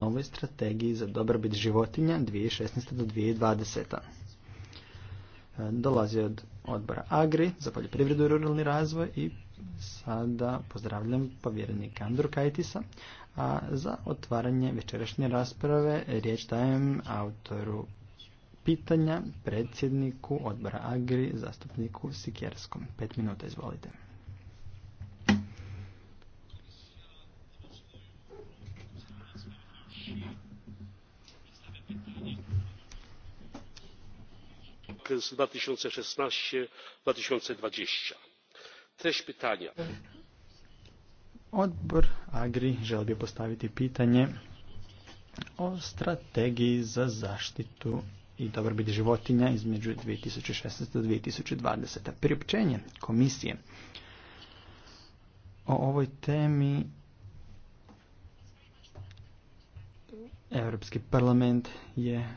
novoj strategiji za dobrobit životinja 2016. do 2020. E, dolazi od odbora Agri za poljoprivredu i ruralni razvoj i sada pozdravljam povjerenika Andru Kajtisa. A za otvaranje večerašnje rasprave riječ dajem autoru pitanja, predsjedniku odbora Agri, zastupniku Sikerskom. Pet minuta, izvolite. dwa tysiące szesnaście dwa tysiące dwadzieścia pytania Odbor Agri želi bi postaviti pitanje o strategiji za zaštitu i dobrobit životinja između 2016. i 2020. Priopćenje komisije o ovoj temi Europski parlament je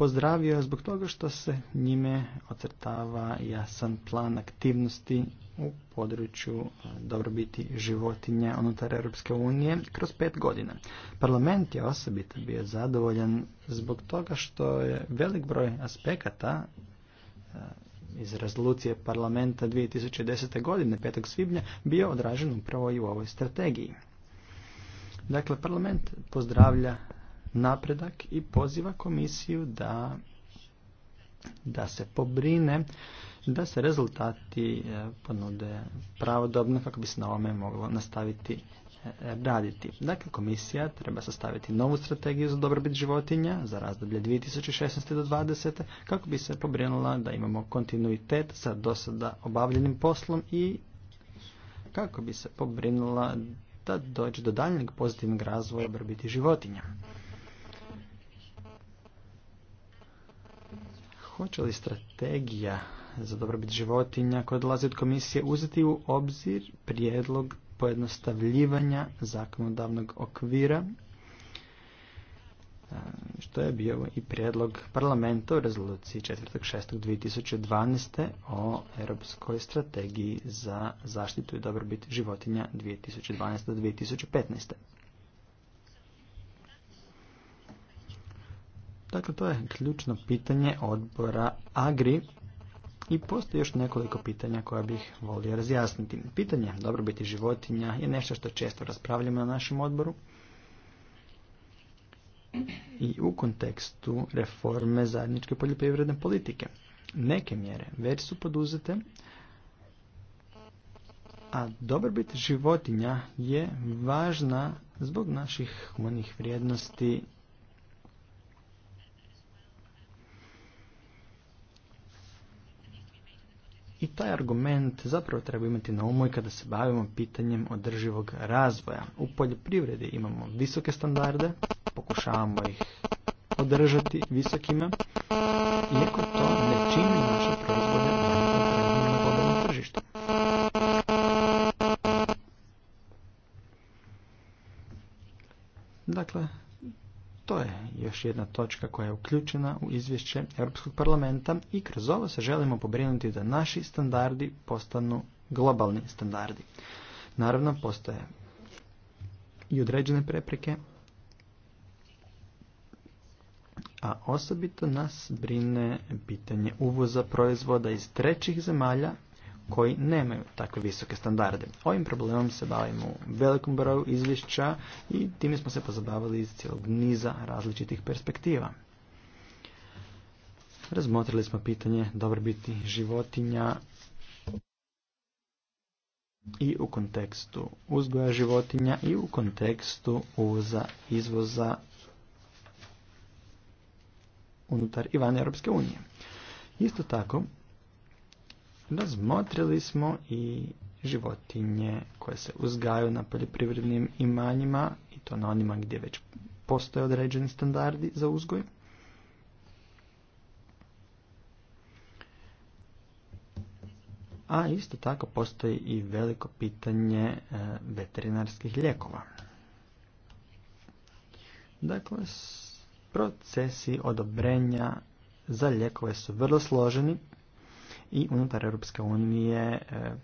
pozdravio zbog toga što se njime ocrtava jasan plan aktivnosti u području e, dobrobiti životinja unutar Europske unije kroz pet godina. Parlament je osobito bio zadovoljan zbog toga što je velik broj aspekata e, iz rezolucije parlamenta 2010. godine 5. svibnja bio odražen upravo i u ovoj strategiji. Dakle, parlament pozdravlja napredak i poziva komisiju da, da se pobrine da se rezultati e, ponude pravodobno kako bi se na ovome moglo nastaviti e, raditi. Dakle, komisija treba sastaviti novu strategiju za dobrobit životinja za razdoblje 2016. do 2020. kako bi se pobrinula da imamo kontinuitet sa dosada obavljenim poslom i kako bi se pobrinula da dođe do daljnjeg pozitivnog razvoja dobrobiti životinja. Hoće li strategija za dobrobit životinja koja dolazi od komisije uzeti u obzir prijedlog pojednostavljivanja zakonodavnog okvira e, što je bio i prijedlog parlamenta u rezoluciji 4.6.2012. o Europskoj strategiji za zaštitu i dobrobit životinja 2012-2015. Dakle, to je ključno pitanje odbora Agri i postoji još nekoliko pitanja koja bih volio razjasniti. Pitanje dobrobiti životinja je nešto što često raspravljamo na našem odboru i u kontekstu reforme zajedničke poljoprivredne politike. Neke mjere već su poduzete, a dobrobit životinja je važna zbog naših humanih vrijednosti I taj argument zapravo treba imati na umu i kada se bavimo pitanjem održivog razvoja. U poljoprivredi imamo visoke standarde, pokušavamo ih održati visokima, iako to ne čini naše proizvode na globalnom tržištu. Dakle, to je još jedna točka koja je uključena u izvješće Europskog parlamenta i kroz ovo se želimo pobrinuti da naši standardi postanu globalni standardi. Naravno, postoje i određene prepreke, a osobito nas brine pitanje uvoza proizvoda iz trećih zemalja koji nemaju takve visoke standarde. Ovim problemom se bavimo u velikom broju izvješća i time smo se pozabavili iz cijelog niza različitih perspektiva. Razmotrili smo pitanje dobrobiti životinja i u kontekstu uzgoja životinja i u kontekstu uza izvoza unutar i van Europske unije. Isto tako, razmotrili smo i životinje koje se uzgaju na poljoprivrednim imanjima i to na onima gdje već postoje određeni standardi za uzgoj. A isto tako postoji i veliko pitanje e, veterinarskih lijekova. Dakle, procesi odobrenja za lijekove su vrlo složeni i unutar Europske unije e,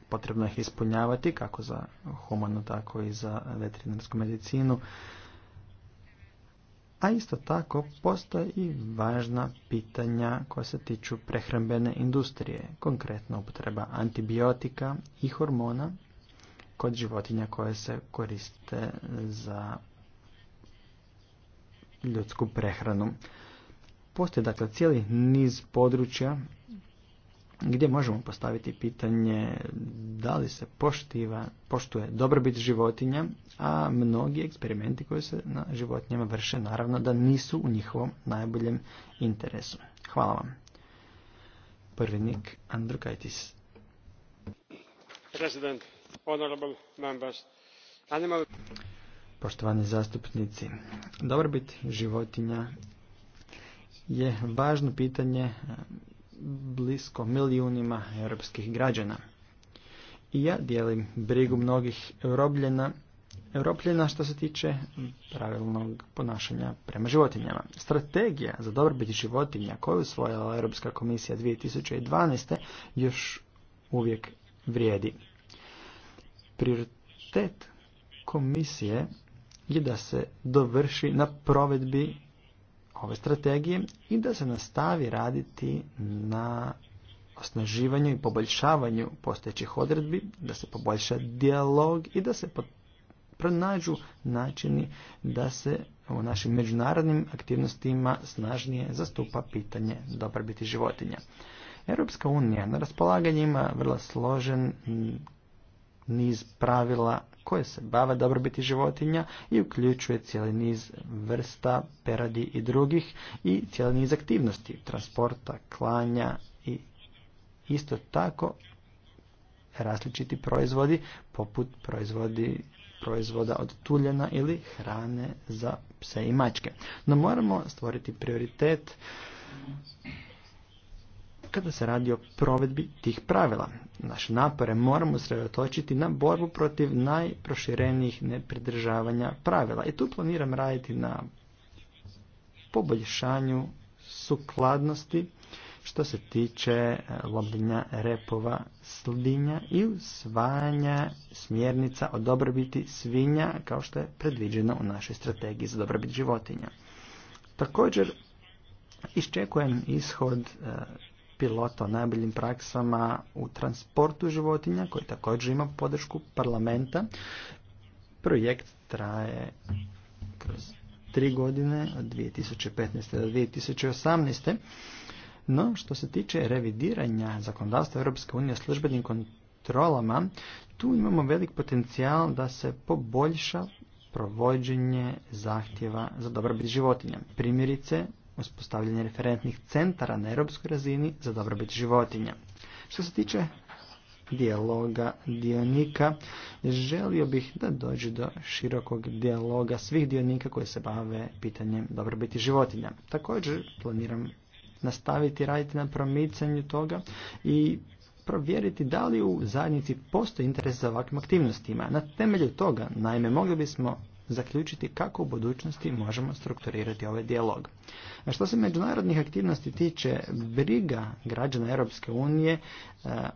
potrebno ih ispunjavati kako za humanu tako i za veterinarsku medicinu. A isto tako postoje i važna pitanja koja se tiču prehrambene industrije, konkretno upotreba antibiotika i hormona kod životinja koje se koriste za ljudsku prehranu. Postoje dakle cijeli niz područja gdje možemo postaviti pitanje da li se poštiva, poštuje dobrobit životinja, a mnogi eksperimenti koji se na životinjama vrše naravno da nisu u njihovom najboljem interesu. Hvala vam. Prvenik Andrukaitis. President, honorable members, animal... Poštovani zastupnici, dobrobit životinja je važno pitanje blisko milijunima europskih građana. I ja dijelim brigu mnogih europljena, europljena što se tiče pravilnog ponašanja prema životinjama. Strategija za dobrobit životinja koju usvojila Europska komisija 2012. još uvijek vrijedi. Prioritet komisije je da se dovrši na provedbi ove strategije i da se nastavi raditi na osnaživanju i poboljšavanju postojećih odredbi, da se poboljša dijalog i da se pronađu načini da se u našim međunarodnim aktivnostima snažnije zastupa pitanje dobrobiti životinja. Europska unija na raspolaganju ima vrlo složen niz pravila koje se bave dobrobiti životinja i uključuje cijeli niz vrsta, peradi i drugih i cijeli niz aktivnosti, transporta, klanja i isto tako različiti proizvodi poput proizvodi proizvoda od tuljena ili hrane za pse i mačke. No moramo stvoriti prioritet kada se radi o provedbi tih pravila. Naše napore moramo sredotočiti na borbu protiv najproširenijih nepridržavanja pravila i tu planiram raditi na poboljšanju sukladnosti što se tiče e, lobljenja repova slinja i usvajanja smjernica o dobrobiti svinja kao što je predviđeno u našoj strategiji za dobrobit životinja. Također iščekujem ishod e, pilota o najboljim praksama u transportu životinja, koji također ima podršku parlamenta. Projekt traje kroz tri godine, od 2015. do 2018. No, što se tiče revidiranja zakonodavstva Europske unije službenim kontrolama, tu imamo velik potencijal da se poboljša provođenje zahtjeva za dobrobit životinja. Primjerice, uspostavljanje referentnih centara na europskoj razini za dobrobit životinja. Što se tiče dijaloga dionika, želio bih da dođe do širokog dijaloga svih dionika koji se bave pitanjem dobrobiti životinja. Također planiram nastaviti raditi na promicanju toga i provjeriti da li u zajednici postoji interes za ovakvim aktivnostima. Na temelju toga, naime, mogli bismo zaključiti kako u budućnosti možemo strukturirati ovaj dijalog. A što se međunarodnih aktivnosti tiče, briga građana Europske unije e,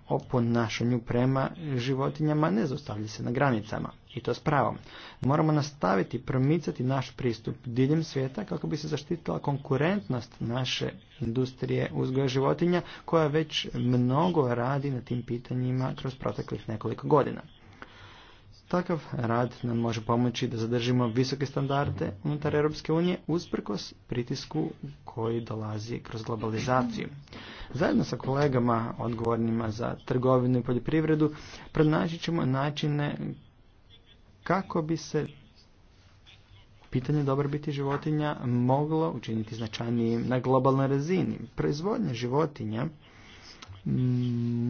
o ponašanju prema životinjama ne zostavlja se na granicama. I to s pravom. Moramo nastaviti promicati naš pristup diljem svijeta kako bi se zaštitila konkurentnost naše industrije uzgoja životinja koja već mnogo radi na tim pitanjima kroz proteklih nekoliko godina. Takav rad nam može pomoći da zadržimo visoke standarde unutar Europske unije usprkos pritisku koji dolazi kroz globalizaciju. Zajedno sa kolegama odgovornima za trgovinu i poljoprivredu pronaći ćemo načine kako bi se pitanje dobrobiti životinja moglo učiniti značajnijim na globalnoj razini. Proizvodnja životinja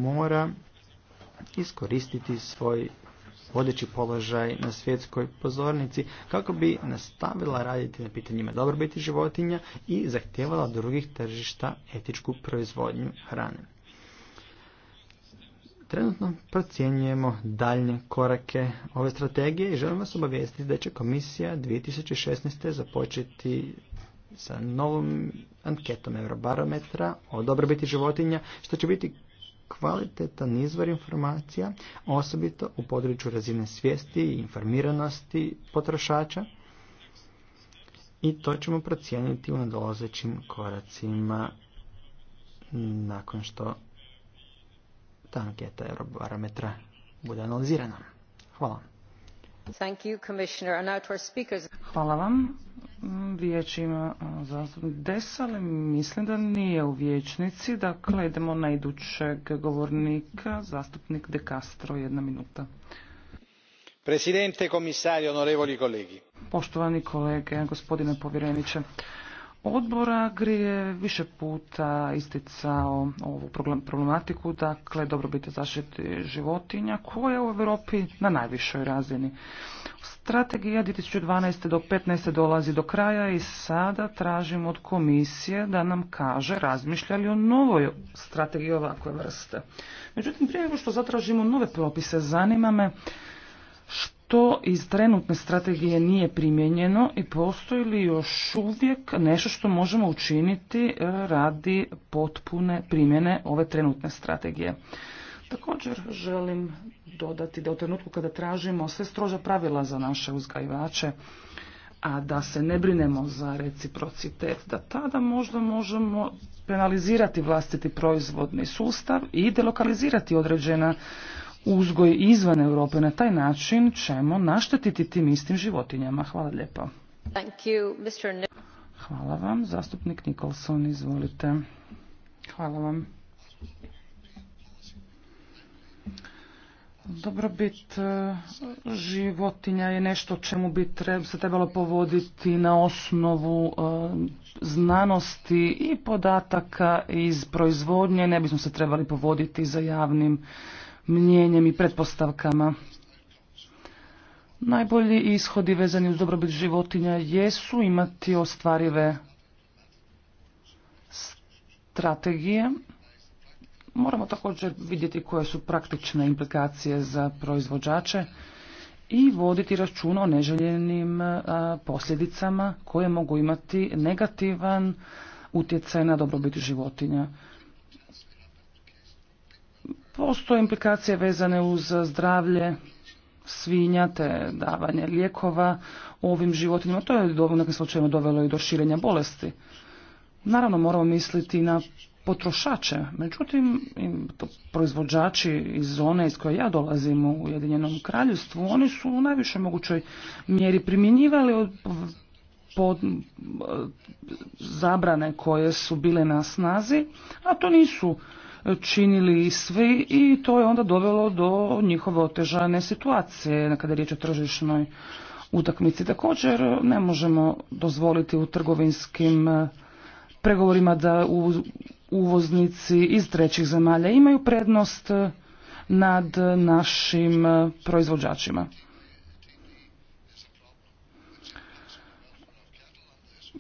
mora iskoristiti svoj vodeći položaj na svjetskoj pozornici kako bi nastavila raditi na pitanjima dobrobiti životinja i zahtijevala drugih tržišta etičku proizvodnju hrane. Trenutno procjenjujemo daljne korake ove strategije i želim vas obavijestiti da će komisija 2016. započeti sa novom anketom Eurobarometra o dobrobiti životinja, što će biti kvalitetan izvor informacija, osobito u području razine svijesti i informiranosti potrošača i to ćemo procijeniti u nadolazećim koracima nakon što ta anketa Eurobarometra bude analizirana. Hvala. Thank you, Commissioner. Hvala vam. Mm, riječ ima zastupnik mislim da nije u vijećnici. Dakle, idemo na idućeg govornika, zastupnik De Castro, jedna minuta. Presidente, komisario, onorevoli kolegi. Poštovani kolege, gospodine povjereniče, odbora gdje je više puta isticao ovu problematiku, dakle dobrobit zaštite životinja koja je u Europi na najvišoj razini. Strategija 2012. do 15. dolazi do kraja i sada tražimo od komisije da nam kaže razmišlja li o novoj strategiji ovakve vrste. Međutim, prije nego što zatražimo nove propise, zanima me što to iz trenutne strategije nije primijenjeno i postoji li još uvijek nešto što možemo učiniti e, radi potpune primjene ove trenutne strategije. Također želim dodati da u trenutku kada tražimo sve stroža pravila za naše uzgajivače, a da se ne brinemo za reciprocitet, da tada možda možemo penalizirati vlastiti proizvodni sustav i delokalizirati određena uzgoj izvan Europe. Na taj način ćemo naštetiti tim istim životinjama. Hvala lijepa. Hvala vam. Zastupnik Nikolson, izvolite. Hvala vam. Dobrobit e, životinja je nešto čemu bi se trebalo povoditi na osnovu e, znanosti i podataka iz proizvodnje. Ne bismo se trebali povoditi za javnim mnjenjem i pretpostavkama. Najbolji ishodi vezani uz dobrobit životinja jesu imati ostvarive strategije. Moramo također vidjeti koje su praktične implikacije za proizvođače i voditi račun o neželjenim posljedicama koje mogu imati negativan utjecaj na dobrobit životinja. Postoje implikacije vezane uz zdravlje svinja te davanje lijekova ovim životinjama. To je u nekim slučajima dovelo i do širenja bolesti. Naravno moramo misliti na potrošače. Međutim, proizvođači iz zone iz koje ja dolazim u Ujedinjenom kraljevstvu, oni su u najvišoj mogućoj mjeri primjenjivali od zabrane koje su bile na snazi, a to nisu činili i svi i to je onda dovelo do njihove otežane situacije kada je riječ o tržišnoj utakmici. Također ne možemo dozvoliti u trgovinskim e, pregovorima da uvoznici iz trećih zemalja imaju prednost e, nad našim e, proizvođačima.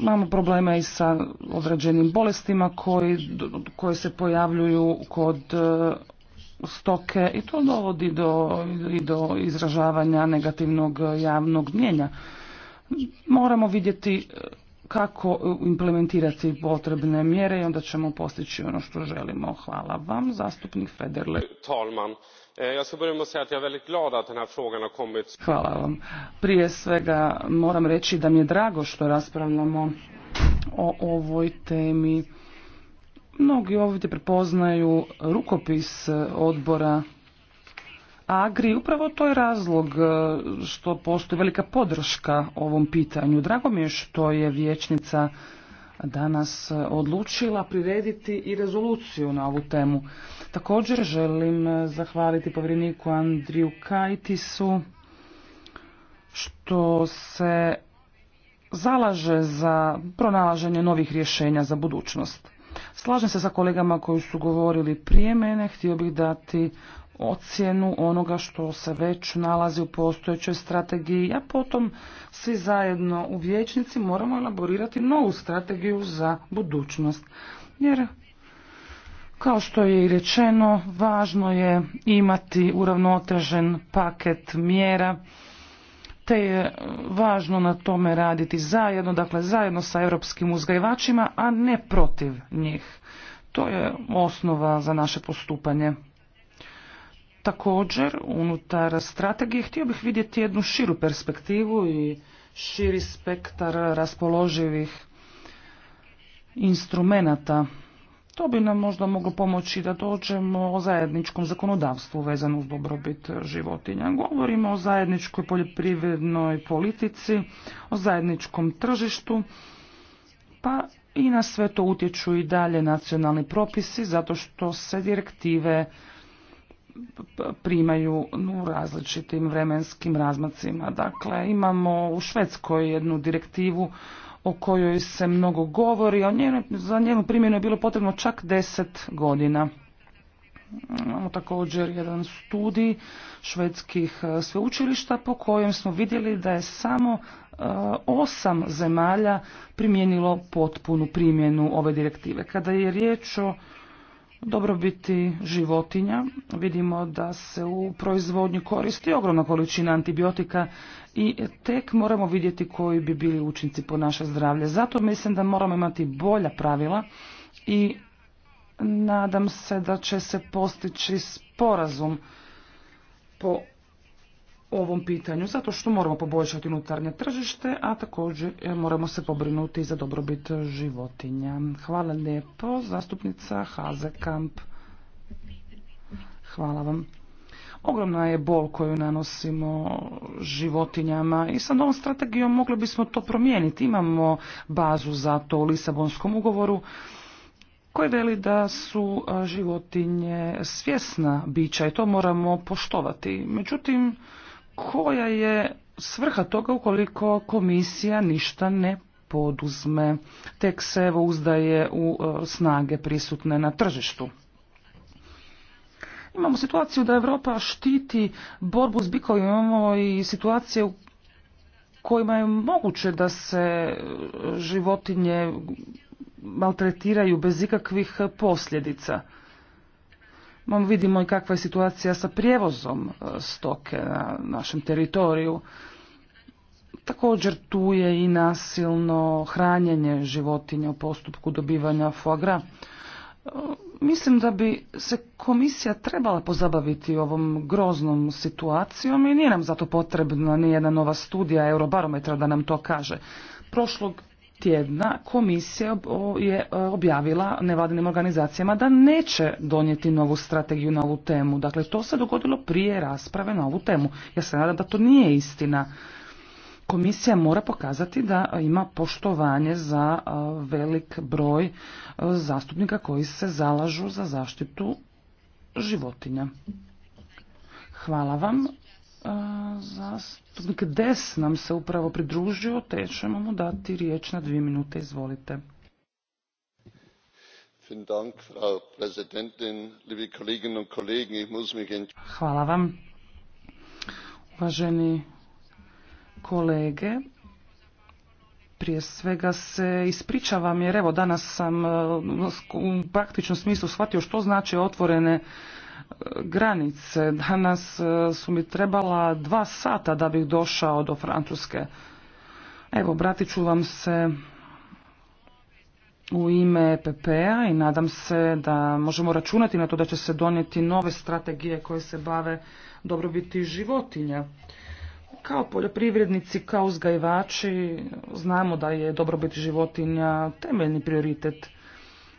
Imamo problema i sa određenim bolestima koje se pojavljuju kod e, stoke i to dovodi do, i do izražavanja negativnog javnog mnjenja. Moramo vidjeti e, kako implementirati potrebne mjere i onda ćemo postići ono što želimo. Hvala vam, zastupnik Federle. Talman. Eh, Hvala vam. Prije svega moram reći da mi je drago što raspravljamo o ovoj temi. Mnogi ovdje prepoznaju rukopis odbora Agri. Upravo to je razlog eh, što postoji velika podrška ovom pitanju. Drago mi je što je vječnica danas odlučila prirediti i rezoluciju na ovu temu. Također želim zahvaliti povjereniku Andriju Kajtisu što se zalaže za pronalaženje novih rješenja za budućnost. Slažem se sa kolegama koji su govorili prije mene, htio bih dati ocjenu onoga što se već nalazi u postojećoj strategiji, a potom svi zajedno u vječnici moramo elaborirati novu strategiju za budućnost. Jer, kao što je i rečeno, važno je imati uravnotežen paket mjera, te je važno na tome raditi zajedno, dakle zajedno sa europskim uzgajivačima, a ne protiv njih. To je osnova za naše postupanje. Također, unutar strategije htio bih vidjeti jednu širu perspektivu i širi spektar raspoloživih instrumenata. To bi nam možda moglo pomoći da dođemo o zajedničkom zakonodavstvu vezano uz dobrobit životinja. Govorimo o zajedničkoj poljoprivrednoj politici, o zajedničkom tržištu, pa i na sve to utječu i dalje nacionalni propisi zato što se direktive primaju u različitim vremenskim razmacima. Dakle, imamo u Švedskoj jednu direktivu o kojoj se mnogo govori, a za njenu primjenu je bilo potrebno čak deset godina. Imamo također jedan studij švedskih e, sveučilišta po kojem smo vidjeli da je samo e, osam zemalja primijenilo potpunu primjenu ove direktive. Kada je riječ o dobrobiti životinja. Vidimo da se u proizvodnju koristi ogromna količina antibiotika i tek moramo vidjeti koji bi bili učinci po naše zdravlje. Zato mislim da moramo imati bolja pravila i nadam se da će se postići sporazum po ovom pitanju, zato što moramo poboljšati unutarnje tržište, a također e, moramo se pobrinuti za dobrobit životinja. Hvala lijepo, zastupnica Hazekamp. Hvala vam. Ogromna je bol koju nanosimo životinjama i sa novom strategijom mogli bismo to promijeniti. Imamo bazu za to u Lisabonskom ugovoru koji veli da su životinje svjesna bića i to moramo poštovati. Međutim, koja je svrha toga ukoliko komisija ništa ne poduzme, tek se evo uzdaje u e, snage prisutne na tržištu. Imamo situaciju da Europa štiti borbu s bikovima, imamo i situacije u kojima je moguće da se e, životinje maltretiraju bez ikakvih posljedica. Vidimo i kakva je situacija sa prijevozom e, stoke na našem teritoriju. Također tu je i nasilno hranjenje životinja u postupku dobivanja fogra. E, mislim da bi se komisija trebala pozabaviti ovom groznom situacijom i nije nam zato potrebna nijedna nova studija Eurobarometra da nam to kaže. Prošlog tjedna komisija je e, objavila nevladinim organizacijama da neće donijeti novu strategiju na ovu temu. Dakle, to se dogodilo prije rasprave na ovu temu. Ja se nadam da to nije istina. Komisija mora pokazati da ima poštovanje za e, velik broj e, zastupnika koji se zalažu za zaštitu životinja. Hvala vam zastupnik Des nam se upravo pridružio, te ćemo mu dati riječ na dvije minute. Izvolite. Hvala vam. Uvaženi kolege, prije svega se ispričavam jer evo danas sam e, u praktičnom smislu shvatio što znači otvorene granice. Danas e, su mi trebala dva sata da bih došao do Francuske. Evo, bratit ću vam se u ime EPP-a i nadam se da možemo računati na to da će se donijeti nove strategije koje se bave dobrobiti životinja. Kao poljoprivrednici, kao uzgajivači znamo da je dobrobit životinja temeljni prioritet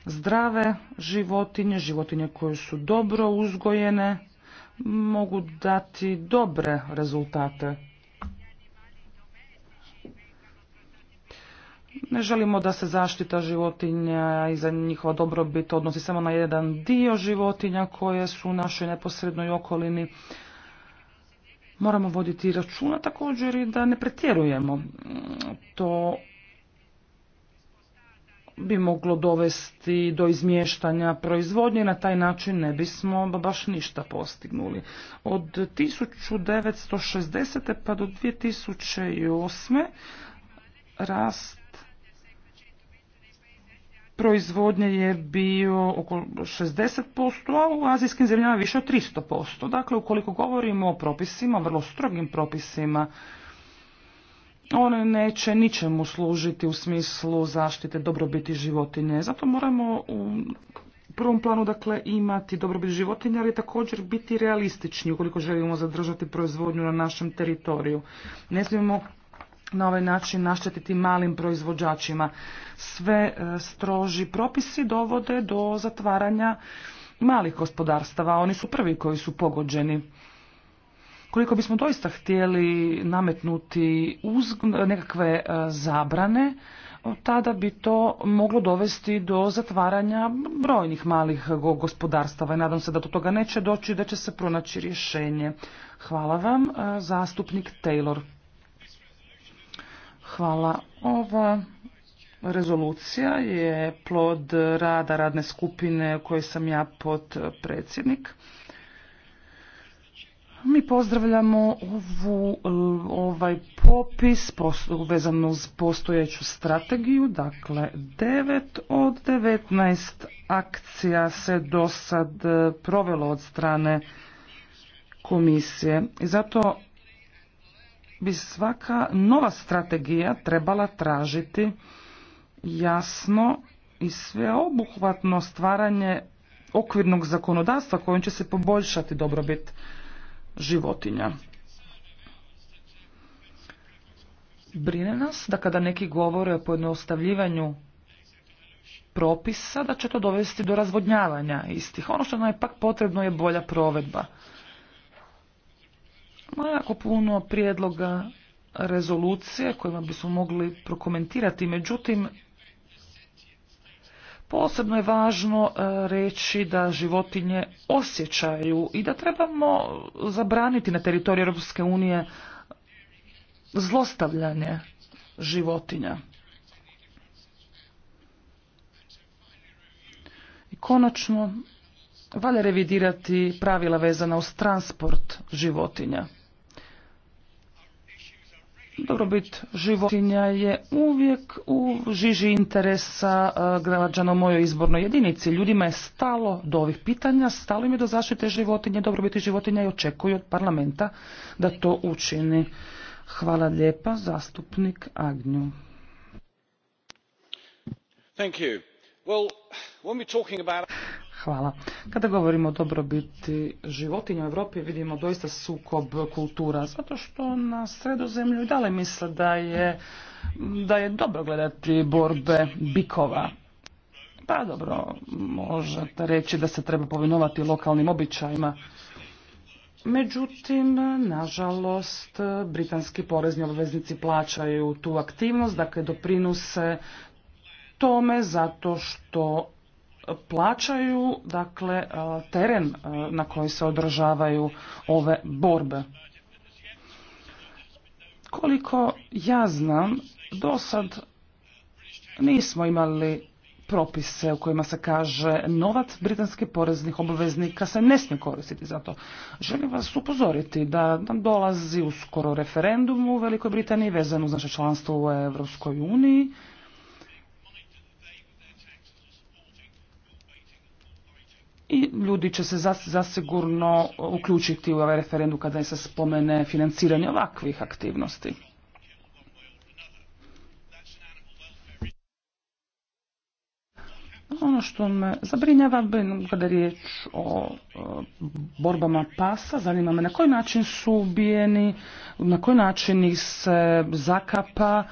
zdrave životinje, životinje koje su dobro uzgojene, mogu dati dobre rezultate. Ne želimo da se zaštita životinja i za njihova dobrobit odnosi samo na jedan dio životinja koje su u našoj neposrednoj okolini. Moramo voditi računa također i da ne pretjerujemo. To bi moglo dovesti do izmještanja proizvodnje na taj način ne bismo baš ništa postignuli. Od 1960. pa do 2008. rast proizvodnje je bio oko 60%, a u azijskim zemljama više od 300%. Dakle, ukoliko govorimo o propisima, vrlo strogim propisima, one neće ničemu služiti u smislu zaštite dobrobiti životinje. Zato moramo u prvom planu dakle imati dobrobit životinja, ali također biti realistični ukoliko želimo zadržati proizvodnju na našem teritoriju. Ne smijemo na ovaj način naštetiti malim proizvođačima. Sve e, stroži propisi dovode do zatvaranja malih gospodarstava. Oni su prvi koji su pogođeni. Koliko bismo doista htjeli nametnuti uz nekakve e, zabrane, tada bi to moglo dovesti do zatvaranja brojnih malih gospodarstava i nadam se da do toga neće doći i da će se pronaći rješenje. Hvala vam, e, zastupnik Taylor. Hvala. Ova rezolucija je plod rada radne skupine koje sam ja pod predsjednik. Mi pozdravljamo ovu, e, ovaj popis vezano uz postojeću strategiju, dakle 9 od 19 akcija se do sad e, provelo od strane komisije i zato bi svaka nova strategija trebala tražiti jasno i sveobuhvatno stvaranje okvirnog zakonodavstva kojim će se poboljšati dobrobit životinja. Brine nas da kada neki govore o pojednostavljivanju propisa, da će to dovesti do razvodnjavanja istih. Ono što nam je pak potrebno je bolja provedba. Ima jako puno prijedloga rezolucije kojima bismo mogli prokomentirati, međutim, Posebno je važno e, reći da životinje osjećaju i da trebamo zabraniti na teritoriju Europske unije zlostavljanje životinja. I konačno, valja revidirati pravila vezana uz transport životinja. Dobrobit životinja je uvijek u žiži interesa e, građana u mojoj izbornoj jedinici. Ljudima je stalo do ovih pitanja, stalo im je do zaštite životinje, dobrobiti životinja i očekuju od parlamenta da to učini. Hvala lijepa, zastupnik Agnju. Hvala. Kada govorimo o dobrobiti životinja u Europi vidimo doista sukob kultura zato što na sredozemlju i dalje misle da je, da je dobro gledati borbe bikova. Pa dobro, možete reći da se treba povinovati lokalnim običajima. Međutim, nažalost, britanski porezni obveznici plaćaju tu aktivnost, dakle doprinuse tome zato što plaćaju dakle e, teren e, na koji se održavaju ove borbe. Koliko ja znam, do sad nismo imali propise u kojima se kaže novac britanskih poreznih obveznika se ne smije koristiti za to. Želim vas upozoriti da nam dolazi uskoro referendum u Velikoj Britaniji vezano uz naše članstvo u Europskoj uniji i ljudi će se zasigurno uključiti u ovaj referendum kada se spomene financiranje ovakvih aktivnosti. Ono što me zabrinjava, kada je riječ o borbama pasa, zanima me na koji način su ubijeni, na koji način ih se zakapa,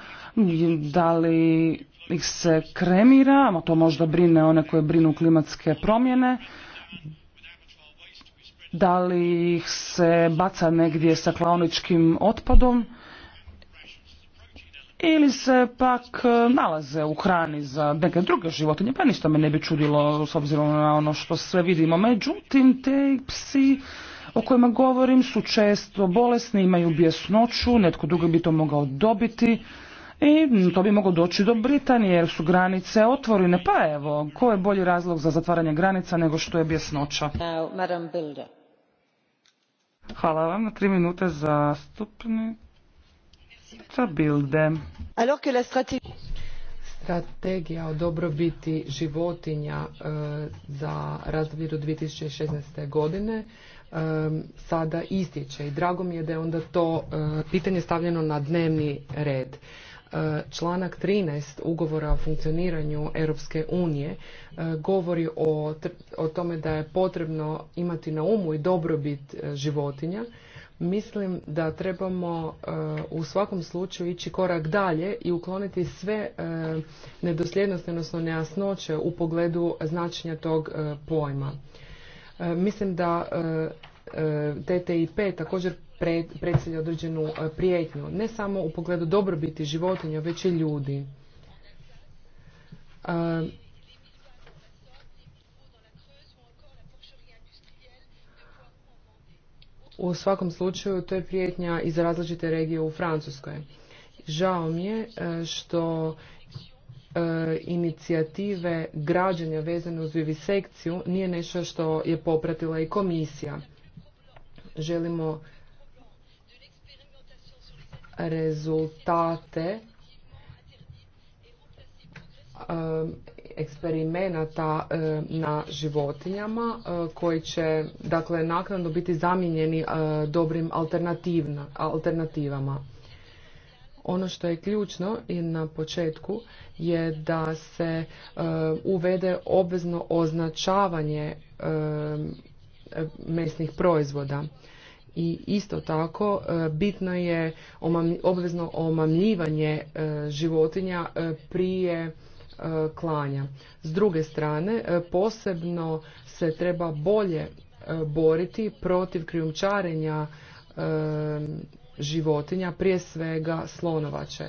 da li ih se kremira, a to možda brine one koje brinu klimatske promjene da li ih se baca negdje sa klaoničkim otpadom ili se pak e, nalaze u hrani za neke druge životinje, pa ništa me ne bi čudilo s obzirom na ono što sve vidimo. Međutim, te psi o kojima govorim su često bolesni, imaju bjesnoću, netko drugi bi to mogao dobiti i to bi moglo doći do Britanije jer su granice otvorene. Pa evo, ko je bolji razlog za zatvaranje granica nego što je bjesnoća? Hvala vam na tri minute za stupni. Bilde. Strategija o dobrobiti životinja e, za razdoblje 2016. godine e, sada istječe i drago mi je da je onda to e, pitanje stavljeno na dnevni red. E, članak 13 ugovora o funkcioniranju Europske unije e, govori o, o tome da je potrebno imati na umu i dobrobit e, životinja mislim da trebamo u svakom slučaju ići korak dalje i ukloniti sve nedosljednosti odnosno nejasnoće u pogledu značenja tog pojma mislim da TTIP također predstavlja određenu e, prijetnju, ne samo u pogledu dobrobiti životinja, već i ljudi. E, u svakom slučaju to je prijetnja iz različite regije u Francuskoj. Žao mi je e, što inicijative građanja vezane uz vivisekciju nije nešto što je popratila i komisija. Želimo rezultate um, eksperimenata um, na životinjama uh, koji će dakle naknadno biti zamijenjeni uh, dobrim alternativama. Ono što je ključno i na početku je da se um, uvede obvezno označavanje mesnih proizvoda i isto tako e, bitno je obvezno omamljivanje e, životinja e, prije klanja. S druge strane, posebno se treba bolje boriti protiv krijumčarenja životinja, prije svega slonovače.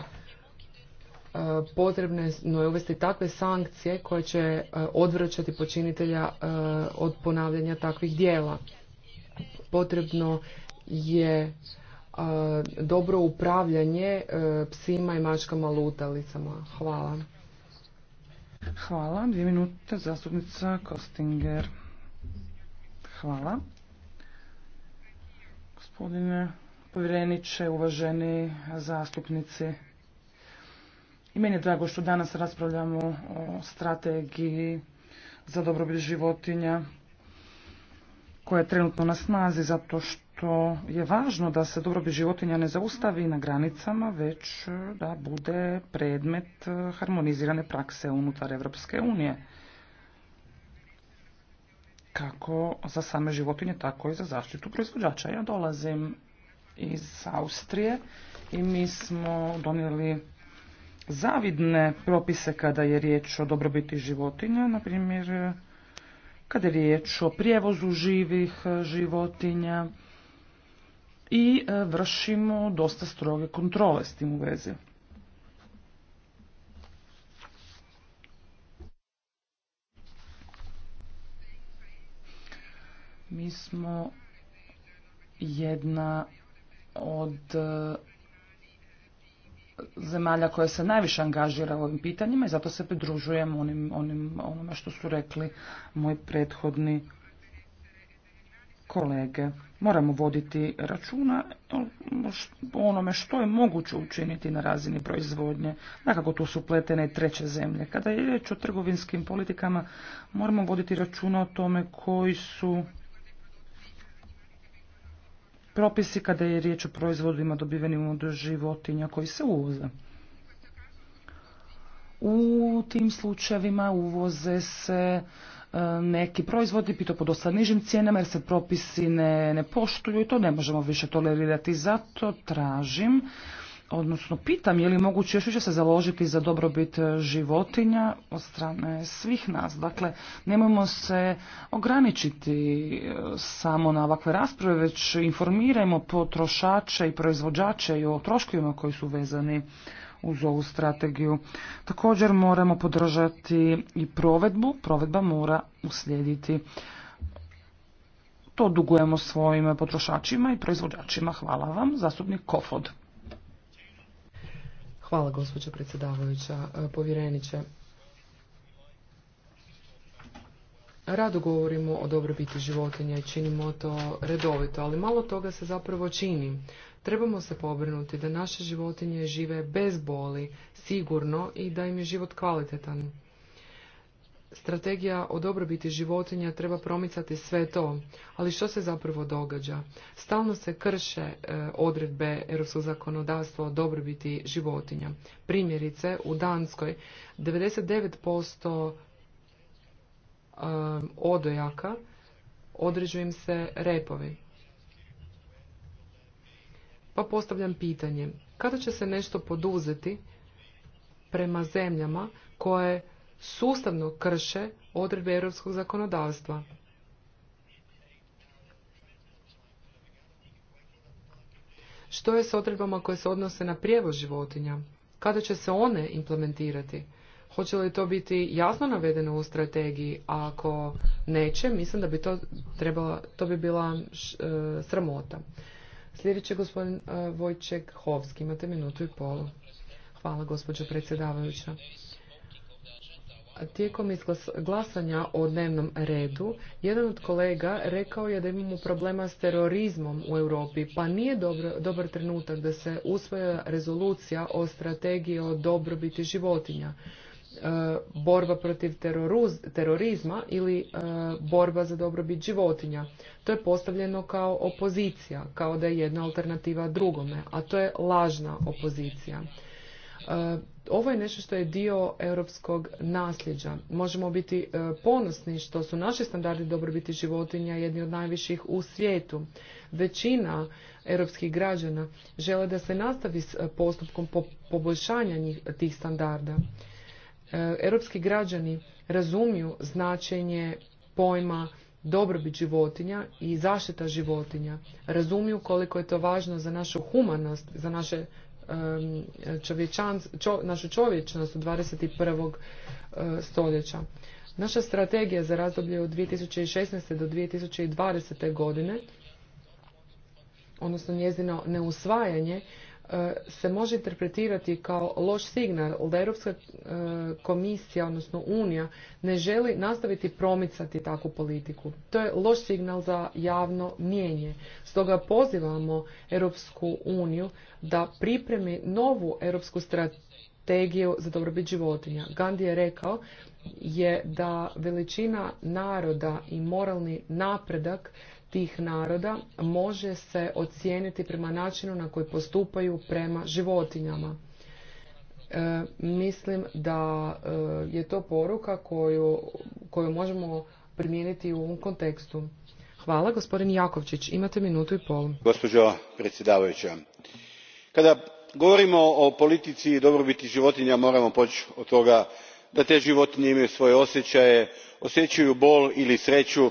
Potrebno je uvesti takve sankcije koje će odvraćati počinitelja od ponavljanja takvih dijela potrebno je dobro upravljanje e, psima i mačkama lutalicama. Hvala. Hvala. Dvije minute, zastupnica Kostinger. Hvala. Gospodine povjereniče, uvaženi zastupnici. I meni je drago što danas raspravljamo o strategiji za dobrobit životinja koja je trenutno na snazi zato što je važno da se dobrobit životinja ne zaustavi na granicama, već e, da bude predmet e, harmonizirane prakse unutar Evropske unije. Kako za same životinje, tako i za zaštitu proizvođača. Ja dolazim iz Austrije i mi smo donijeli zavidne propise kada je riječ o dobrobiti životinja. Naprimjer, kada je riječ o prijevozu živih e, životinja i e, vršimo dosta stroge kontrole s tim u vezi. Mi smo jedna od e, zemalja koja se najviše angažira u ovim pitanjima i zato se pridružujem onim, onim, onome što su rekli moji prethodni kolege. Moramo voditi računa o onome što je moguće učiniti na razini proizvodnje. Nakako tu su pletene i treće zemlje. Kada je riječ o trgovinskim politikama, moramo voditi računa o tome koji su propisi kada je riječ o proizvodima dobivenim od životinja koji se uvoze. U tim slučajevima uvoze se e, neki proizvodi i to po dosta nižim cijenama jer se propisi ne, ne poštuju i to ne možemo više tolerirati. Zato tražim odnosno pitam je li moguće još više se založiti za dobrobit e, životinja od strane svih nas. Dakle, nemojmo se ograničiti e, samo na ovakve rasprave, već informirajmo potrošače i proizvođače i o troškovima koji su vezani uz ovu strategiju. Također moramo podržati i provedbu, provedba mora uslijediti. To dugujemo svojim potrošačima i proizvođačima. Hvala vam, zastupnik Kofod. Hvala, gospođo predsjedavajuća. E, povjereniče, rado govorimo o dobrobiti životinja i činimo to redovito, ali malo toga se zapravo čini. Trebamo se pobrinuti da naše životinje žive bez boli, sigurno i da im je život kvalitetan strategija o dobrobiti životinja treba promicati sve to. Ali što se zapravo događa? Stalno se krše e, odredbe europskog zakonodavstva o dobrobiti životinja. Primjerice, u Danskoj 99% e, odojaka određuju im se repovi. Pa postavljam pitanje, kada će se nešto poduzeti prema zemljama koje sustavno krše odredbe europskog zakonodavstva. Što je s odredbama koje se odnose na prijevoz životinja? Kada će se one implementirati? Hoće li to biti jasno navedeno u strategiji, ako neće, mislim da bi to trebala, to bi bila e, sramota. Sljedeći gospodin e, Vojček Hovski, imate minutu i pol. Hvala gospođo predsjedavajuća. Tijekom glasanja o dnevnom redu, jedan od kolega rekao je da imamo problema s terorizmom u Europi, pa nije dobro, dobar trenutak da se usvoja rezolucija o strategiji o dobrobiti životinja. E, borba protiv terorizma ili e, borba za dobrobit životinja. To je postavljeno kao opozicija, kao da je jedna alternativa drugome, a to je lažna opozicija. E, ovo je nešto što je dio europskog nasljeđa. Možemo biti e, ponosni što su naši standardi dobrobiti životinja jedni od najviših u svijetu. Većina europskih građana žele da se nastavi s e, postupkom poboljšanja tih standarda. Europski građani razumiju značenje pojma dobrobit životinja i zaštita životinja. Razumiju koliko je to važno za našu humanost, za naše našu čovječnost u 21. E, stoljeća. Naša strategija za razdoblje od 2016. do 2020. godine, odnosno njezino neusvajanje, E, se može interpretirati kao loš signal da Europska e, komisija, odnosno Unija, ne želi nastaviti promicati takvu politiku. To je loš signal za javno mijenje. Stoga pozivamo Europsku uniju da pripremi novu europsku strategiju za dobrobit životinja. Gandhi je rekao je da veličina naroda i moralni napredak tih naroda može se ocijeniti prema načinu na koji postupaju prema životinjama. E, mislim da e, je to poruka koju, koju možemo primijeniti u ovom kontekstu. Hvala, gospodin Jakovčić. Imate minutu i pol. Gospođo predsjedavajuća, kada govorimo o politici i dobrobiti životinja moramo poći od toga da te životinje imaju svoje osjećaje, osjećaju bol ili sreću,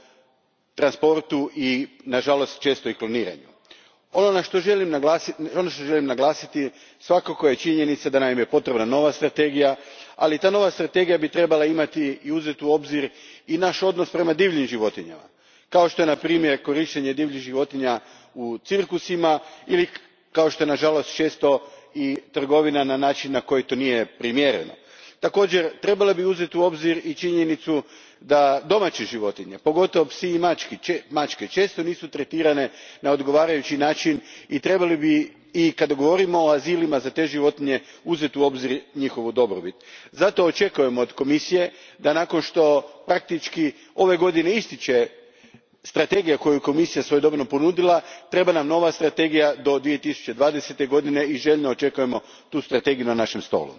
transportu i nažalost često i kloniranju. Ono, ono što želim naglasiti svakako je činjenica da nam je potrebna nova strategija ali ta nova strategija bi trebala imati i uzeti u obzir i naš odnos prema divljim životinjama kao što je na primjer korištenje divljih životinja u cirkusima ili kao što je nažalost često i trgovina na način na koji to nije primjereno. također trebala bi uzeti u obzir i činjenicu da domaće životinje pogotovo psi i mačke često nisu tretirane na odgovarajući način i trebali bi i kada govorimo o azilima za te životinje uzeti u obzir njihovu dobrobit. zato očekujemo od komisije da nakon što praktički ove godine ističe strategija koju je komisija svojedobno ponudila treba nam nova strategija do. two thousand and twenty godine i željno očekujemo tu strategiju na našem stolu.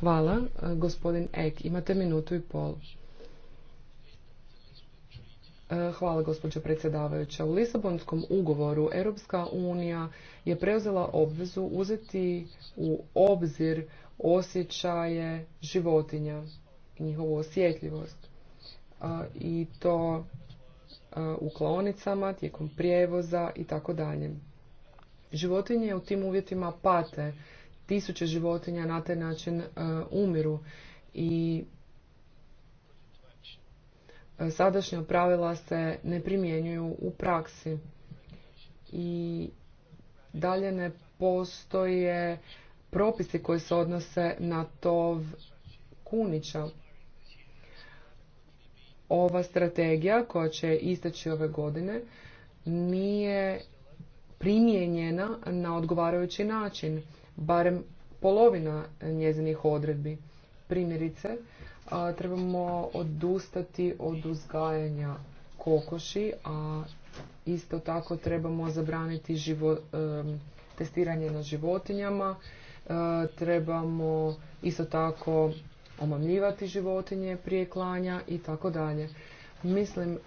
Hvala, e, gospodin Ek. Imate minutu i pol. E, hvala, gospođo predsjedavajuća. U Lisabonskom ugovoru Europska unija je preuzela obvezu uzeti u obzir osjećaje životinja i njihovu osjetljivost. E, I to u klaonicama tijekom prijevoza i tako dalje. Životinje u tim uvjetima pate. Tisuće životinja na taj način e, umiru i e, sadašnja pravila se ne primjenjuju u praksi i dalje ne postoje propisi koji se odnose na to kunića. Ova strategija koja će isteći ove godine nije primijenjena na odgovarajući način, barem polovina njezinih odredbi. Primjerice, trebamo odustati od uzgajanja kokoši, a isto tako trebamo zabraniti živo, testiranje na životinjama, e, trebamo isto tako omamljivati životinje prije klanja i tako dalje. Mislim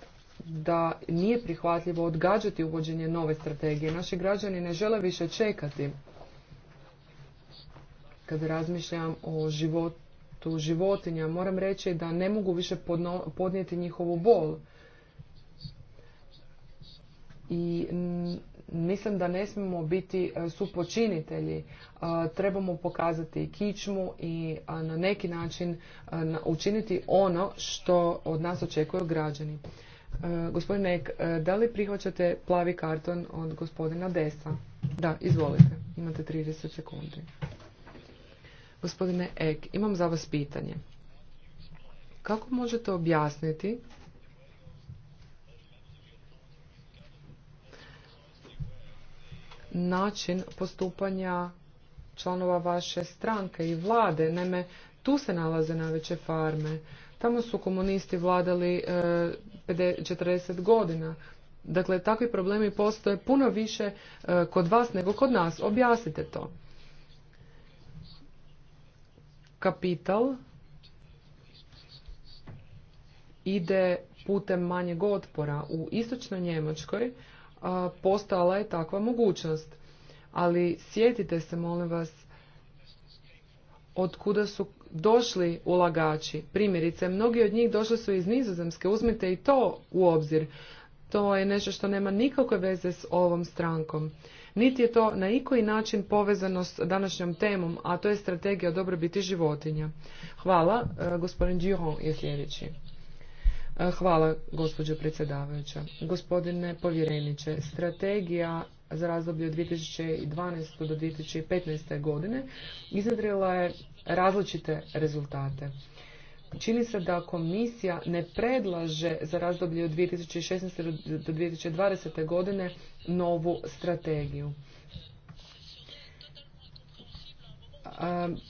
da nije prihvatljivo odgađati uvođenje nove strategije. Naši građani ne žele više čekati. Kad razmišljam o životu životinja, moram reći da ne mogu više podnijeti njihovu bol. I mislim da ne smijemo biti e, supočinitelji. E, trebamo pokazati kičmu i na neki način e, učiniti ono što od nas očekuju građani. E, Gospodine, da li prihvaćate plavi karton od gospodina Desa? Da, izvolite. Imate 30 sekundi. Gospodine Ek, imam za vas pitanje. Kako možete objasniti način postupanja članova vaše stranke i vlade? Naime, tu se nalaze najveće farme. Tamo su komunisti vladali e, 40 godina. Dakle, takvi problemi postoje puno više e, kod vas nego kod nas. Objasnite to. Kapital ide putem manjeg otpora. U istočnoj Njemačkoj e, postala je takva mogućnost. Ali sjetite se, molim vas, od kuda su došli ulagači. Primjerice, mnogi od njih došli su iz Nizozemske, uzmite i to u obzir. To je nešto što nema nikakve veze s ovom strankom. Niti je to na ikoji način povezano s današnjom temom, a to je strategija dobrobiti životinja. Hvala, e, gospodin Giron je sljedeći. E, hvala, gospođo predsjedavajuća. Gospodine povjereniče, strategija za razdoblje od 2012. do 2015. godine izadrila je različite rezultate. Čini se da komisija ne predlaže za razdoblje od 2016. do 2020. godine novu strategiju.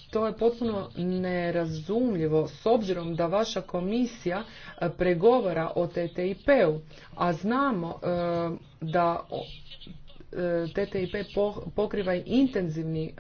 To je potpuno nerazumljivo s obzirom da vaša komisija pregovara o TTIP-u, a znamo da TTIP pokriva intenzivni e,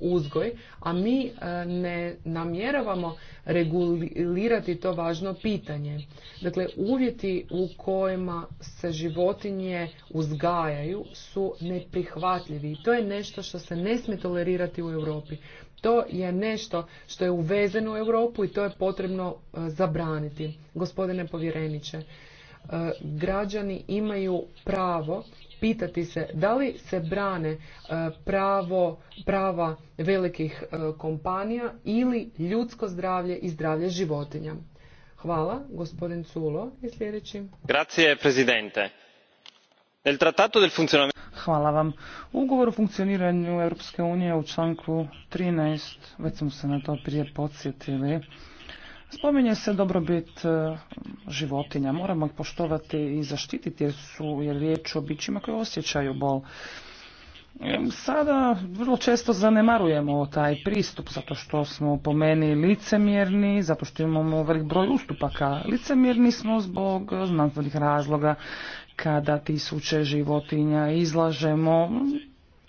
uzgoj, a mi e, ne namjeravamo regulirati to važno pitanje. Dakle, uvjeti u kojima se životinje uzgajaju su neprihvatljivi to je nešto što se ne smije tolerirati u Europi. To je nešto što je uvezeno u Europu i to je potrebno e, zabraniti. Gospodine povjereniče, E, građani imaju pravo pitati se da li se brane e, pravo, prava velikih e, kompanija ili ljudsko zdravlje i zdravlje životinja. Hvala, gospodin Culo i sljedeći. Grazie, Nel trattato del funzionamento... Hvala vam. Ugovor o funkcioniranju Europske unije u članku 13, već smo se na to prije podsjetili, Spominje se dobrobit e, životinja. Moramo ih poštovati i zaštititi jer su je riječ o bićima koji osjećaju bol. E, sada vrlo često zanemarujemo taj pristup zato što smo po meni licemjerni, zato što imamo velik broj ustupaka. Licemjerni smo zbog znanstvenih razloga kada tisuće životinja izlažemo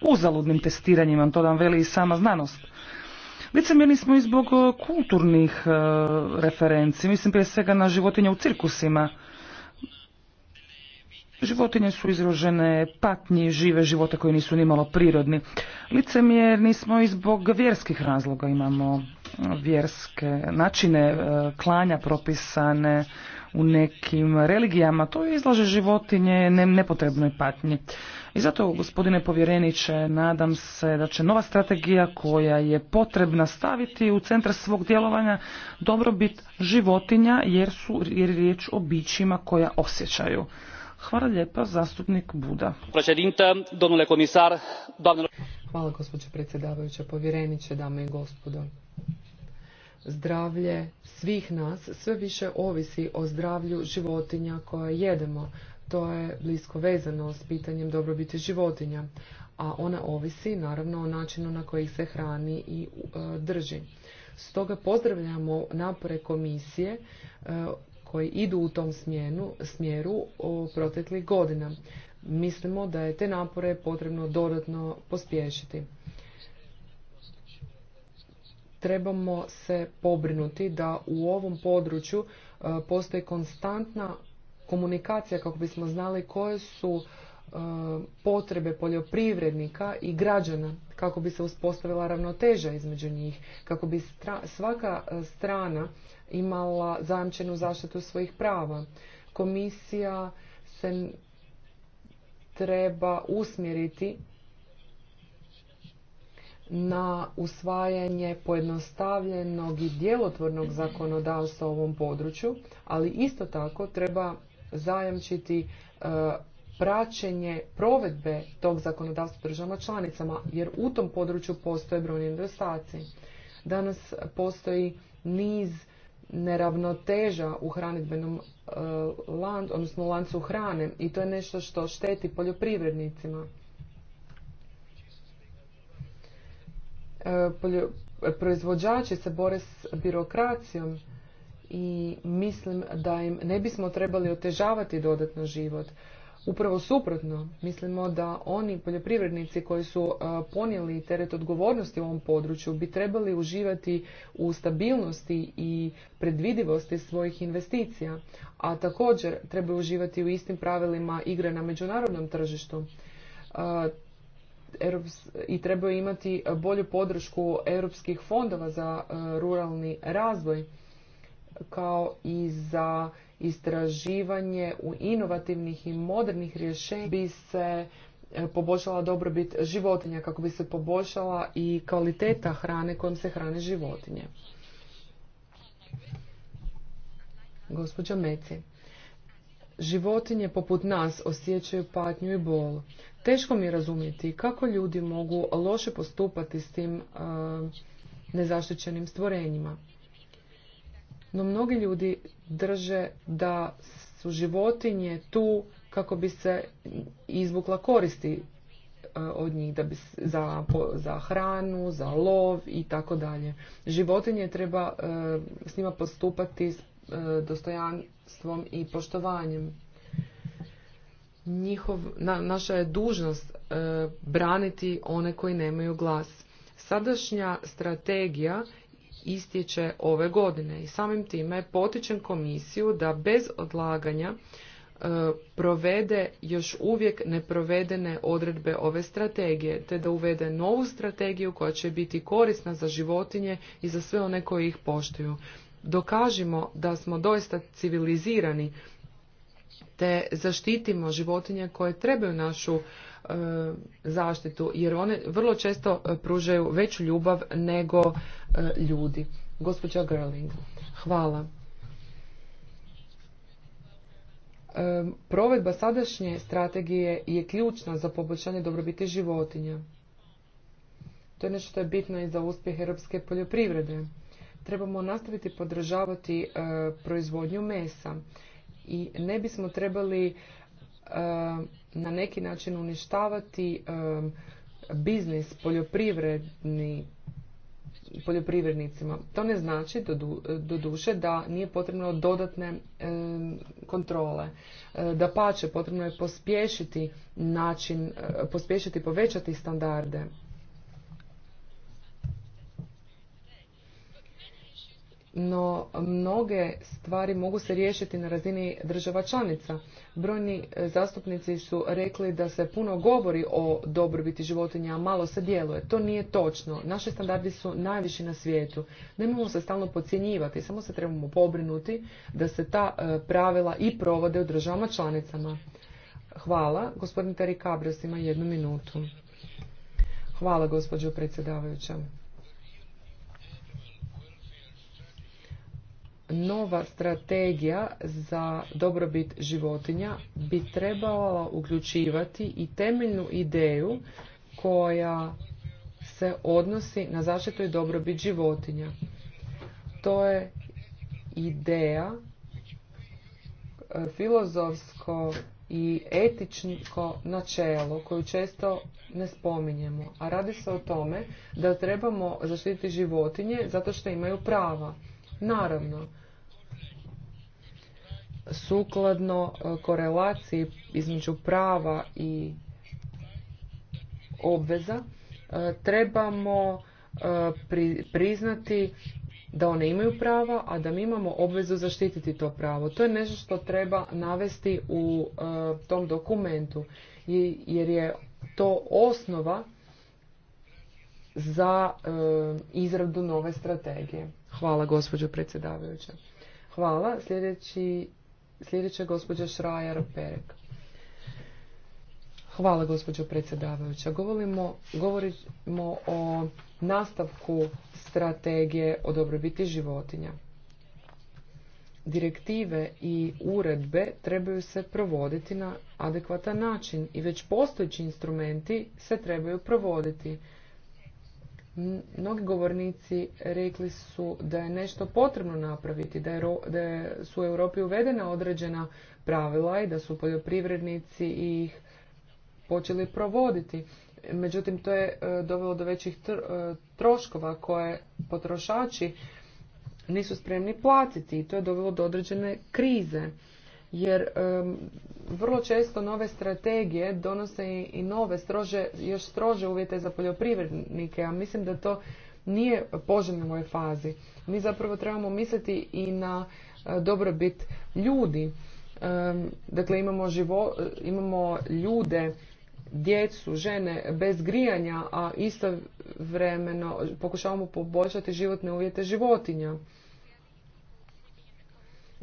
uzaludnim testiranjima, to nam veli i sama znanost. Licemjerni smo i zbog e, kulturnih e, referenci, mislim prije svega na životinje u cirkusima. Životinje su izložene patnji, žive živote koji nisu nimalo prirodni. Licemjerni smo i zbog vjerskih razloga. Imamo vjerske načine e, klanja propisane u nekim religijama. To izlaže životinje nepotrebnoj patnji. I zato, gospodine povjereniče, nadam se da će nova strategija koja je potrebna staviti u centar svog djelovanja dobrobit životinja jer su je riječ o bićima koja osjećaju. Hvala lijepa, zastupnik Buda. Hvala gospođo predsjedavajuća, povjereniče, dame i gospodo. Zdravlje svih nas sve više ovisi o zdravlju životinja koje jedemo, to je blisko vezano s pitanjem dobrobiti životinja, a ona ovisi naravno o načinu na koji se hrani i e, drži. Stoga pozdravljamo napore komisije e, koji idu u tom smjenu, smjeru u proteklih godina. Mislimo da je te napore potrebno dodatno pospješiti. Trebamo se pobrinuti da u ovom području e, postoji konstantna komunikacija kako bismo znali koje su e, potrebe poljoprivrednika i građana kako bi se uspostavila ravnoteža između njih, kako bi svaka e, strana imala zajamčenu zaštitu svojih prava. Komisija se treba usmjeriti na usvajanje pojednostavljenog i djelotvornog zakonodavstva u ovom području, ali isto tako treba zajamčiti e, praćenje provedbe tog zakonodavstva državama članicama, jer u tom području postoje brojni nedostaci. Danas postoji niz neravnoteža u hranidbenom e, odnosno lancu hrane i to je nešto što šteti poljoprivrednicima. E, proizvođači se bore s birokracijom i mislim da im ne bismo trebali otežavati dodatno život. Upravo suprotno, mislimo da oni poljoprivrednici koji su e, ponijeli teret odgovornosti u ovom području bi trebali uživati u stabilnosti i predvidivosti svojih investicija, a također trebaju uživati u istim pravilima igre na međunarodnom tržištu e, i trebaju imati bolju podršku europskih fondova za e, ruralni razvoj kao i za istraživanje u inovativnih i modernih rješenja bi se e, poboljšala dobrobit životinja, kako bi se poboljšala i kvaliteta hrane kojom se hrane životinje. Gospođa Meci. Životinje poput nas osjećaju patnju i bol. Teško mi je razumjeti kako ljudi mogu loše postupati s tim e, nezaštićenim stvorenjima. No mnogi ljudi drže da su životinje tu kako bi se izvukla koristi e, od njih da bi za, za hranu, za lov i tako dalje. Životinje treba e, s njima postupati s e, dostojanstvom i poštovanjem. Njihov, naša je dužnost braniti one koji nemaju glas. Sadašnja strategija istječe ove godine i samim time potičem komisiju da bez odlaganja e, provede još uvijek neprovedene odredbe ove strategije, te da uvede novu strategiju koja će biti korisna za životinje i za sve one koji ih poštuju. Dokažimo da smo doista civilizirani, te zaštitimo životinje koje trebaju našu E, zaštitu jer one vrlo često e, pružaju veću ljubav nego e, ljudi. Gospođa Gerling, hvala. Provedba sadašnje strategije je ključna za poboljšanje dobrobiti životinja. To je nešto što je bitno i za uspjeh europske poljoprivrede. Trebamo nastaviti podržavati proizvodnju mesa i ne bismo trebali Eh, na neki način uništavati eh, biznis poljoprivredni poljoprivrednicima. To ne znači do da nije potrebno dodatne eh, kontrole. Da pače, potrebno je pospješiti način, pospješiti, povećati standarde. no mnoge stvari mogu se riješiti na razini država članica. Brojni e, zastupnici su rekli da se puno govori o dobrobiti životinja, a malo se djeluje. To nije točno. Naši standardi su najviši na svijetu. Ne možemo se stalno podcjenjivati, samo se trebamo pobrinuti da se ta e, pravila i provode u državama članicama. Hvala. Gospodin Teri Cabros ima jednu minutu. Hvala, gospođo predsjedavajuća. nova strategija za dobrobit životinja bi trebala uključivati i temeljnu ideju koja se odnosi na zaštitu i dobrobit životinja. To je ideja e, filozofsko i etičko načelo koju često ne spominjemo, a radi se o tome da trebamo zaštititi životinje zato što imaju prava Naravno, sukladno e, korelaciji između prava i obveza e, trebamo e, priznati da one imaju prava, a da mi imamo obvezu zaštititi to pravo. To je nešto što treba navesti u tom dokumentu, jer je to osnova za izradu nove strategije. Hvala, gospođo predsjedavajuća. Hvala. Sljedeći, sljedeća gospođa Šrajar Perek. Hvala, gospođo predsjedavajuća. Govorimo, govorimo o nastavku strategije o dobrobiti životinja. Direktive i uredbe trebaju se provoditi na adekvatan način i već postojeći instrumenti se trebaju provoditi Mnogi govornici rekli su da je nešto potrebno napraviti, da, je, da su u Europi uvedena određena pravila i da su poljoprivrednici ih počeli provoditi. Međutim, to je e, dovelo do većih e, troškova koje potrošači nisu spremni platiti i to je dovelo do određene krize jer um, vrlo često nove strategije donose i, nove strože, još strože uvjete za poljoprivrednike, a mislim da to nije poželjno u ovoj fazi. Mi zapravo trebamo misliti i na e, dobrobit ljudi. dakle, imamo, živo, imamo ljude, djecu, žene bez grijanja, a istovremeno pokušavamo poboljšati životne uvjete životinja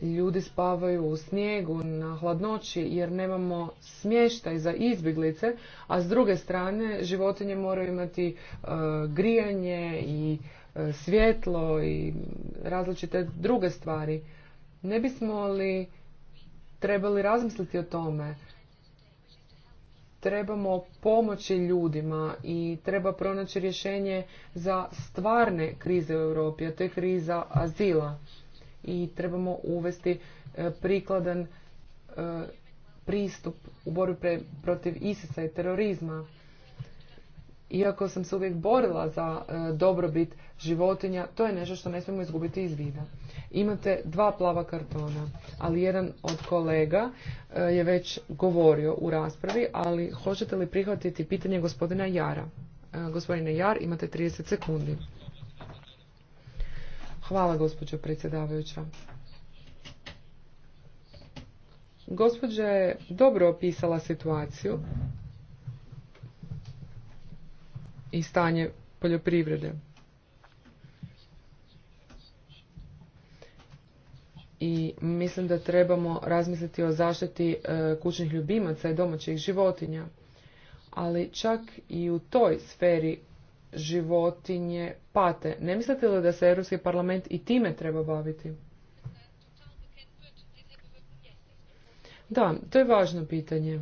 ljudi spavaju u snijegu, na hladnoći, jer nemamo smještaj za izbjeglice, a s druge strane životinje moraju imati e, grijanje i e, svjetlo i različite druge stvari. Ne bismo li trebali razmisliti o tome? Trebamo pomoći ljudima i treba pronaći rješenje za stvarne krize u Europi, a to je kriza azila i trebamo uvesti e, prikladan e, pristup u borbi protiv isis i terorizma. Iako sam se uvijek borila za e, dobrobit životinja, to je nešto što ne smijemo izgubiti iz vida. Imate dva plava kartona, ali jedan od kolega je već govorio u raspravi, ali hoćete li prihvatiti pitanje gospodina Jara? gospodine Jar, imate 30 sekundi. Hvala, gospođo predsjedavajuća. Gospođa je dobro opisala situaciju i stanje poljoprivrede. I mislim da trebamo razmisliti o zaštiti e, kućnih ljubimaca i domaćih životinja. Ali čak i u toj sferi životinje pate. Ne mislite li da se Europski parlament i time treba baviti? Da, to je važno pitanje.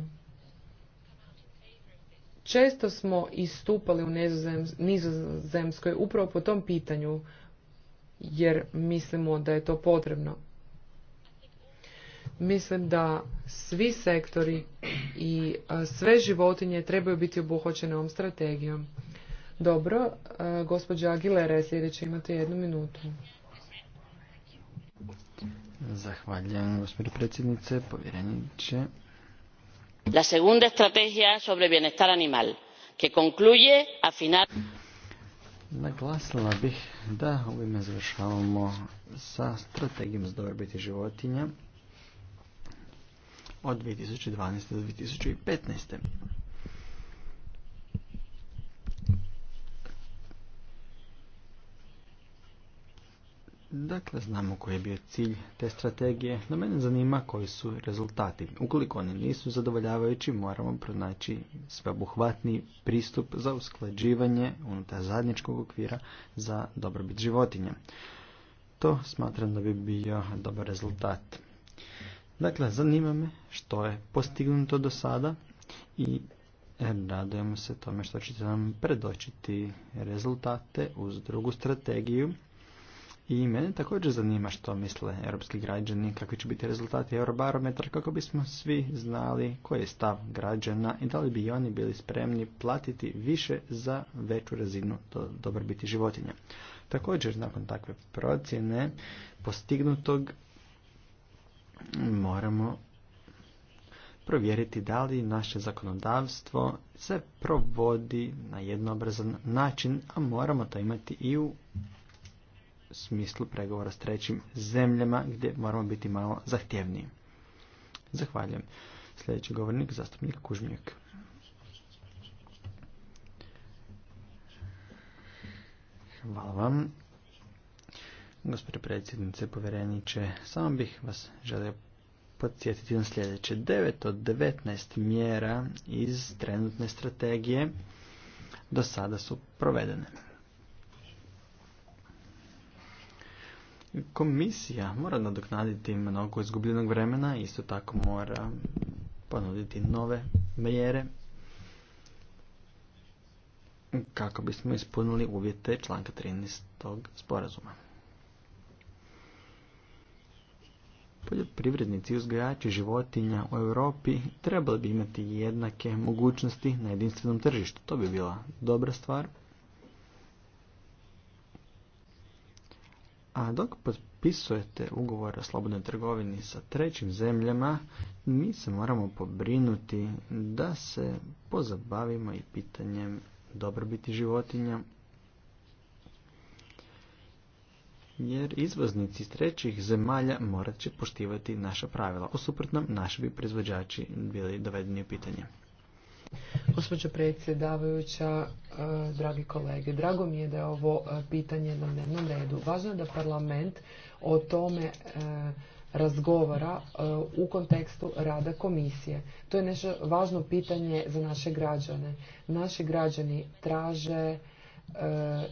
Često smo istupali u nizozemskoj upravo po tom pitanju, jer mislimo da je to potrebno. Mislim da svi sektori i sve životinje trebaju biti obuhvaćene ovom strategijom. Dobro, e, gospođa Aguilera je sljedeća, imate jednu minutu. Zahvaljujem, gospođo predsjednice, povjereniče. La segunda estrategia sobre bienestar animal, que concluye a final... Naglasila bih da ovime završavamo sa strategijom za dobrobiti životinja od 2012. do 2015. Dakle, znamo koji je bio cilj te strategije, no mene zanima koji su rezultati. Ukoliko oni nisu zadovoljavajući, moramo pronaći sveobuhvatni pristup za usklađivanje unutar zadnjičkog okvira za dobrobit životinja. To smatram da bi bio dobar rezultat. Dakle, zanima me što je postignuto do sada i e, radujemo se tome što ćete nam predočiti rezultate uz drugu strategiju i mene također zanima što misle europski građani, kakvi će biti rezultati Eurobarometra, kako bismo svi znali koji je stav građana i da li bi oni bili spremni platiti više za veću razinu dobrobiti životinja. Također, nakon takve procjene postignutog moramo provjeriti da li naše zakonodavstvo se provodi na jednoobrazan način, a moramo to imati i u smislu pregovora s trećim zemljama gdje moramo biti malo zahtjevniji. Zahvaljujem. Sljedeći govornik, zastupnik Kužmijek. Hvala vam. Gospodine predsjednice, povjereniče, samo bih vas želio podsjetiti na sljedeće. 9 od 19 mjera iz trenutne strategije do sada su provedene. Komisija mora nadoknaditi mnogo izgubljenog vremena, isto tako mora ponuditi nove mjere kako bismo ispunili uvjete članka 13. tog sporazuma. Poljoprivrednici i uzgajači životinja u Europi trebali bi imati jednake mogućnosti na jedinstvenom tržištu. To bi bila dobra stvar A dok potpisujete ugovor o slobodnoj trgovini sa trećim zemljama, mi se moramo pobrinuti da se pozabavimo i pitanjem dobrobiti životinja. Jer izvoznici iz trećih zemalja morat će poštivati naša pravila. U suprotnom, naši bi proizvođači bili dovedeni u pitanje. Gospođo predsjedavajuća, e, dragi kolege, drago mi je da je ovo e, pitanje na dnevnom redu. Važno je da parlament o tome e, razgovara u kontekstu rada komisije. To je nešto važno pitanje za naše građane. Naši građani traže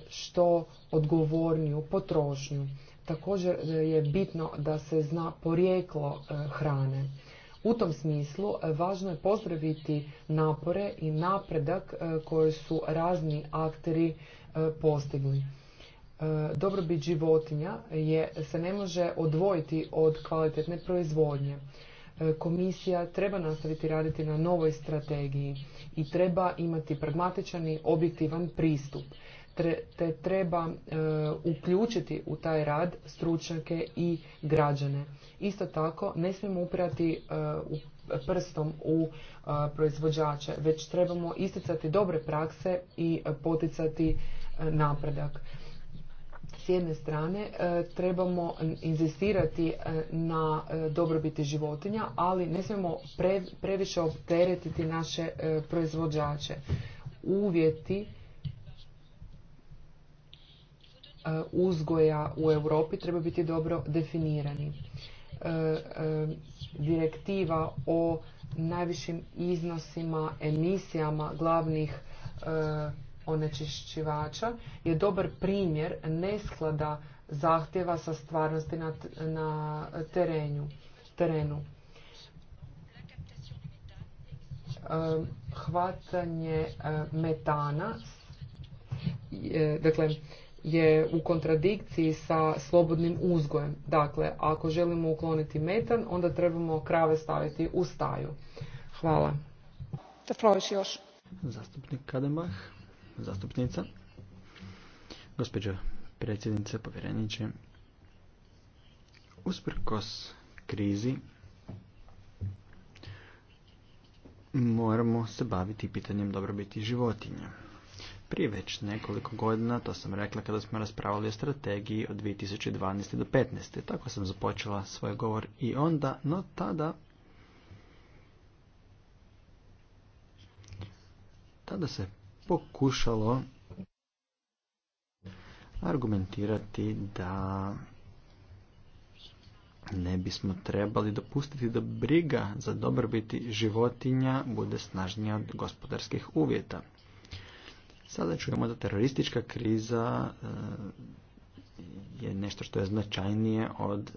što odgovorniju potrošnju. Također je bitno da se zna porijeklo hrane u tom smislu e, važno je pozdraviti napore i napredak e, koje su razni akteri e, postigli. Dobrobit životinja je, se ne može odvojiti od kvalitetne proizvodnje. Komisija treba nastaviti raditi na novoj strategiji i treba imati pragmatičan i objektivan pristup te treba e, uključiti u taj rad stručnjake i građane. Isto tako ne smijemo upirati e, prstom u e, proizvođače, već trebamo isticati dobre prakse i poticati napredak. S jedne strane trebamo inzistirati na dobrobiti životinja, ali ne smijemo previše opteretiti naše proizvođače. Uvjeti E, uzgoja u Europi treba biti dobro definirani. E, e, direktiva o najvišim iznosima, emisijama glavnih onečišćivača je dobar primjer nesklada zahtjeva sa stvarnosti na, terenju, terenu. hvatanje metana, dakle, je u kontradikciji sa slobodnim uzgojem. Dakle, ako želimo ukloniti metan, onda trebamo krave staviti u staju. Hvala. još. Zastupnik Kademah, zastupnica. Gospođo predsjednice, povjereniče, usprkos krizi moramo se baviti pitanjem dobrobiti životinja prije već nekoliko godina, to sam rekla kada smo raspravili o strategiji od 2012. do 2015. Tako sam započela svoj govor i onda, no tada... Tada se pokušalo argumentirati da ne bismo trebali dopustiti da briga za dobrobiti životinja bude snažnija od gospodarskih uvjeta. Sada čujemo da teroristička kriza e, je nešto što je značajnije od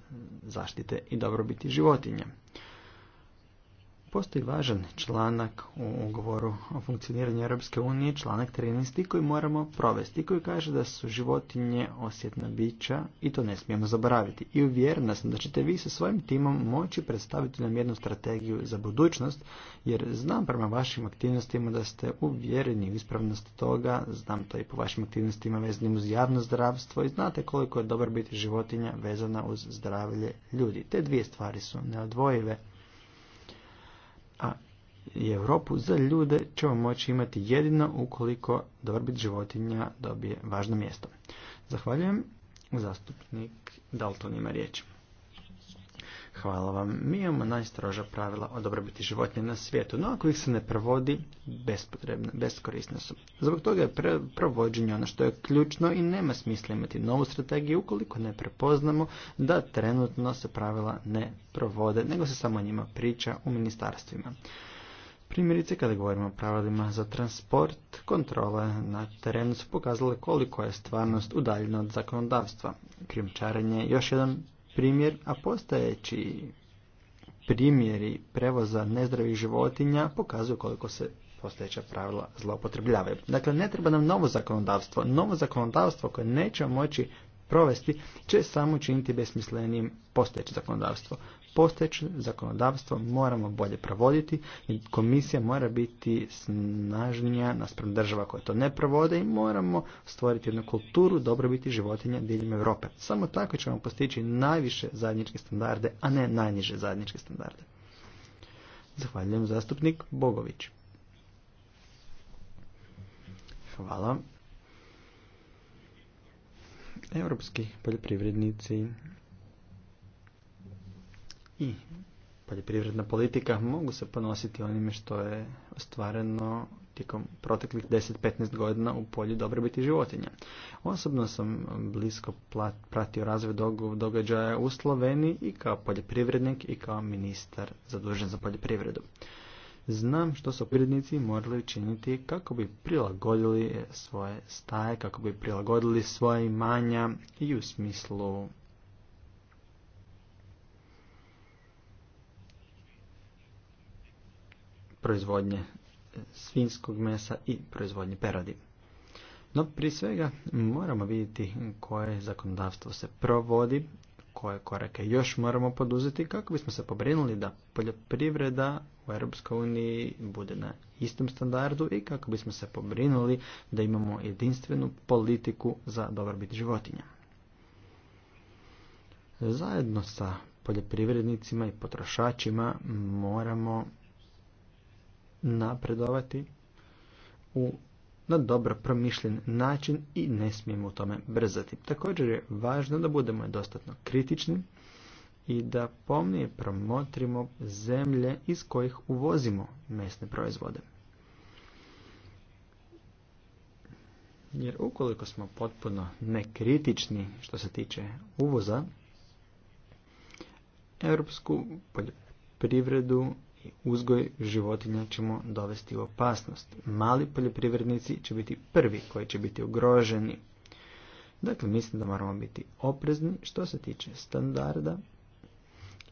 zaštite i dobrobiti životinja. Postoji važan članak u ugovoru o funkcioniranju Europske unije, članak 13. koji moramo provesti, koji kaže da su životinje osjetna bića i to ne smijemo zaboraviti. I uvjerena sam da ćete vi sa svojim timom moći predstaviti nam jednu strategiju za budućnost, jer znam prema vašim aktivnostima da ste uvjereni u ispravnost toga, znam to i po vašim aktivnostima vezanim uz javno zdravstvo i znate koliko je dobar biti životinja vezana uz zdravlje ljudi. Te dvije stvari su neodvojive a Europu za ljude ćemo moći imati jedino ukoliko dobrobit životinja dobije važno mjesto. Zahvaljujem. Zastupnik Dalton ima riječ. Hvala vam. Mi imamo najstroža pravila o dobrobiti životinja na svijetu, no ako ih se ne provodi, bespotrebne, beskorisne su. Zbog toga je provođenje ono što je ključno i nema smisla imati novu strategiju ukoliko ne prepoznamo da trenutno se pravila ne provode, nego se samo o njima priča u ministarstvima. Primjerice, kada govorimo o pravilima za transport, kontrole na terenu su pokazale koliko je stvarnost udaljena od zakonodavstva. krimčarenje je još jedan primjer, a postojeći primjeri prevoza nezdravih životinja pokazuju koliko se postojeća pravila zloupotrebljavaju. Dakle, ne treba nam novo zakonodavstvo. Novo zakonodavstvo koje nećemo moći provesti će samo činiti besmislenijim postojeće zakonodavstvo postojeće zakonodavstvo moramo bolje provoditi i komisija mora biti snažnija naspram država koje to ne provode i moramo stvoriti jednu kulturu dobrobiti životinja diljem Europe. Samo tako ćemo postići najviše zajedničke standarde, a ne najniže zajedničke standarde. Zahvaljujem zastupnik Bogović. Hvala. Europski poljoprivrednici i poljoprivredna politika mogu se ponositi onime što je ostvareno tijekom proteklih 10-15 godina u polju dobrobiti životinja. Osobno sam blisko pratio razvoj događaja u Sloveniji i kao poljoprivrednik i kao ministar zadužen za poljoprivredu. Znam što su privrednici morali učiniti kako bi prilagodili svoje staje, kako bi prilagodili svoje imanja i u smislu proizvodnje svinskog mesa i proizvodnje peradi. No prije svega moramo vidjeti koje zakonodavstvo se provodi, koje korake još moramo poduzeti kako bismo se pobrinuli da poljoprivreda u EU bude na istom standardu i kako bismo se pobrinuli da imamo jedinstvenu politiku za dobrobit životinja. Zajedno sa poljoprivrednicima i potrošačima moramo napredovati u na dobro promišljen način i ne smijemo u tome brzati. Također je važno da budemo dostatno kritični i da pomnije promotrimo zemlje iz kojih uvozimo mesne proizvode. Jer ukoliko smo potpuno nekritični što se tiče uvoza, europsku poljoprivredu i uzgoj životinja ćemo dovesti u opasnost. Mali poljoprivrednici će biti prvi koji će biti ugroženi. Dakle, mislim da moramo biti oprezni što se tiče standarda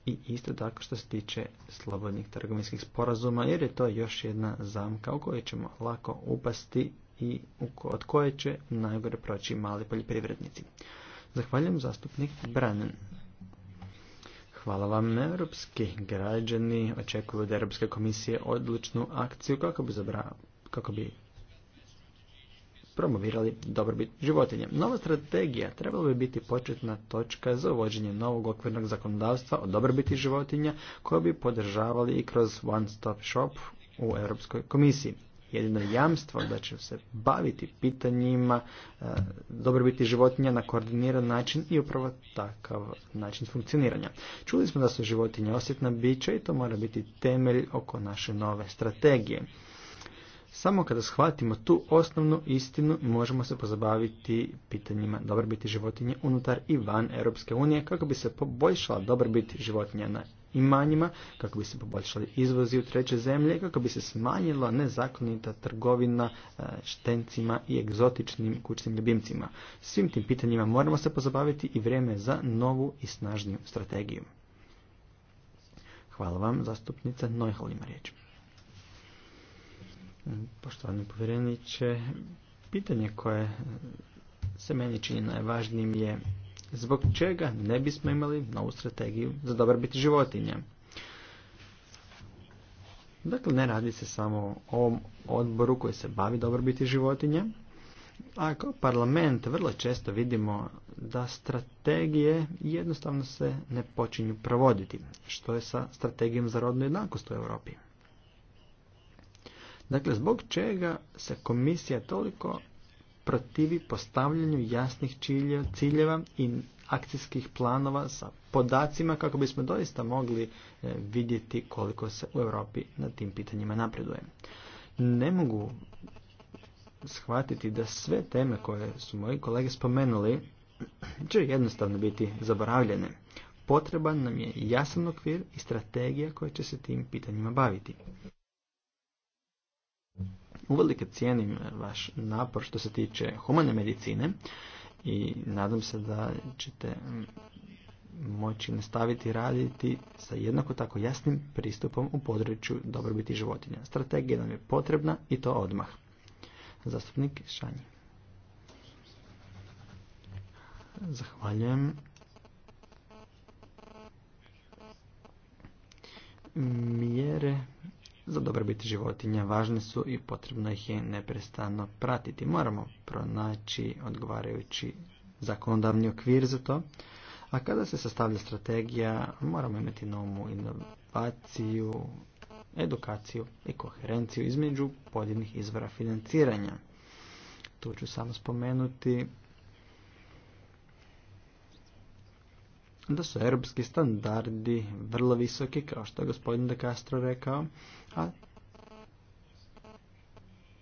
i isto tako što se tiče slobodnih trgovinskih sporazuma, jer je to još jedna zamka u kojoj ćemo lako upasti i od koje će najgore proći mali poljoprivrednici. Zahvaljujem zastupnik Branen. Hvala vam. Europski građani očekuju od Europske komisije odlučnu akciju kako bi, zabra, kako bi promovirali dobrobit životinja. Nova strategija trebala bi biti početna točka za uvođenje novog okvirnog zakonodavstva o dobrobiti životinja koje bi podržavali i kroz One Stop Shop u Europskoj komisiji jedino jamstvo da će se baviti pitanjima e, dobrobiti životinja na koordiniran način i upravo takav način funkcioniranja. Čuli smo da su životinje osjetna bića i to mora biti temelj oko naše nove strategije. Samo kada shvatimo tu osnovnu istinu možemo se pozabaviti pitanjima dobrobiti životinje unutar i van Europske unije kako bi se poboljšala dobrobit životinja na imanjima, kako bi se poboljšali izvozi u treće zemlje, kako bi se smanjila nezakonita trgovina e, štencima i egzotičnim kućnim ljubimcima. Svim tim pitanjima moramo se pozabaviti i vrijeme za novu i snažniju strategiju. Hvala vam, zastupnica Nojholima riječ. E, poštovani povjereniče, pitanje koje se meni čini najvažnijim je Zbog čega ne bismo imali novu strategiju za dobrobit životinja? Dakle, ne radi se samo o ovom odboru koji se bavi dobrobiti životinja, ako parlament vrlo često vidimo da strategije jednostavno se ne počinju provoditi, što je sa strategijom za rodnu jednakost u Europi. Dakle, zbog čega se komisija toliko protivi postavljanju jasnih ciljeva i akcijskih planova sa podacima kako bismo doista mogli e, vidjeti koliko se u Europi na tim pitanjima napreduje. Ne mogu shvatiti da sve teme koje su moji kolege spomenuli će jednostavno biti zaboravljene. Potreban nam je jasan okvir i strategija koja će se tim pitanjima baviti. Uvelike cijenim vaš napor što se tiče humane medicine i nadam se da ćete mm, moći nastaviti raditi sa jednako tako jasnim pristupom u području dobrobiti životinja. Strategija nam je potrebna i to odmah. Zastupnik Šanji. Zahvaljujem. Mjere za dobrobit životinja važne su i potrebno ih je neprestano pratiti. Moramo pronaći odgovarajući zakonodavni okvir za to, a kada se sastavlja strategija moramo imati novu inovaciju, edukaciju i koherenciju između pojedinih izvora financiranja. Tu ću samo spomenuti da su europski standardi vrlo visoki, kao što je gospodin De Castro rekao, a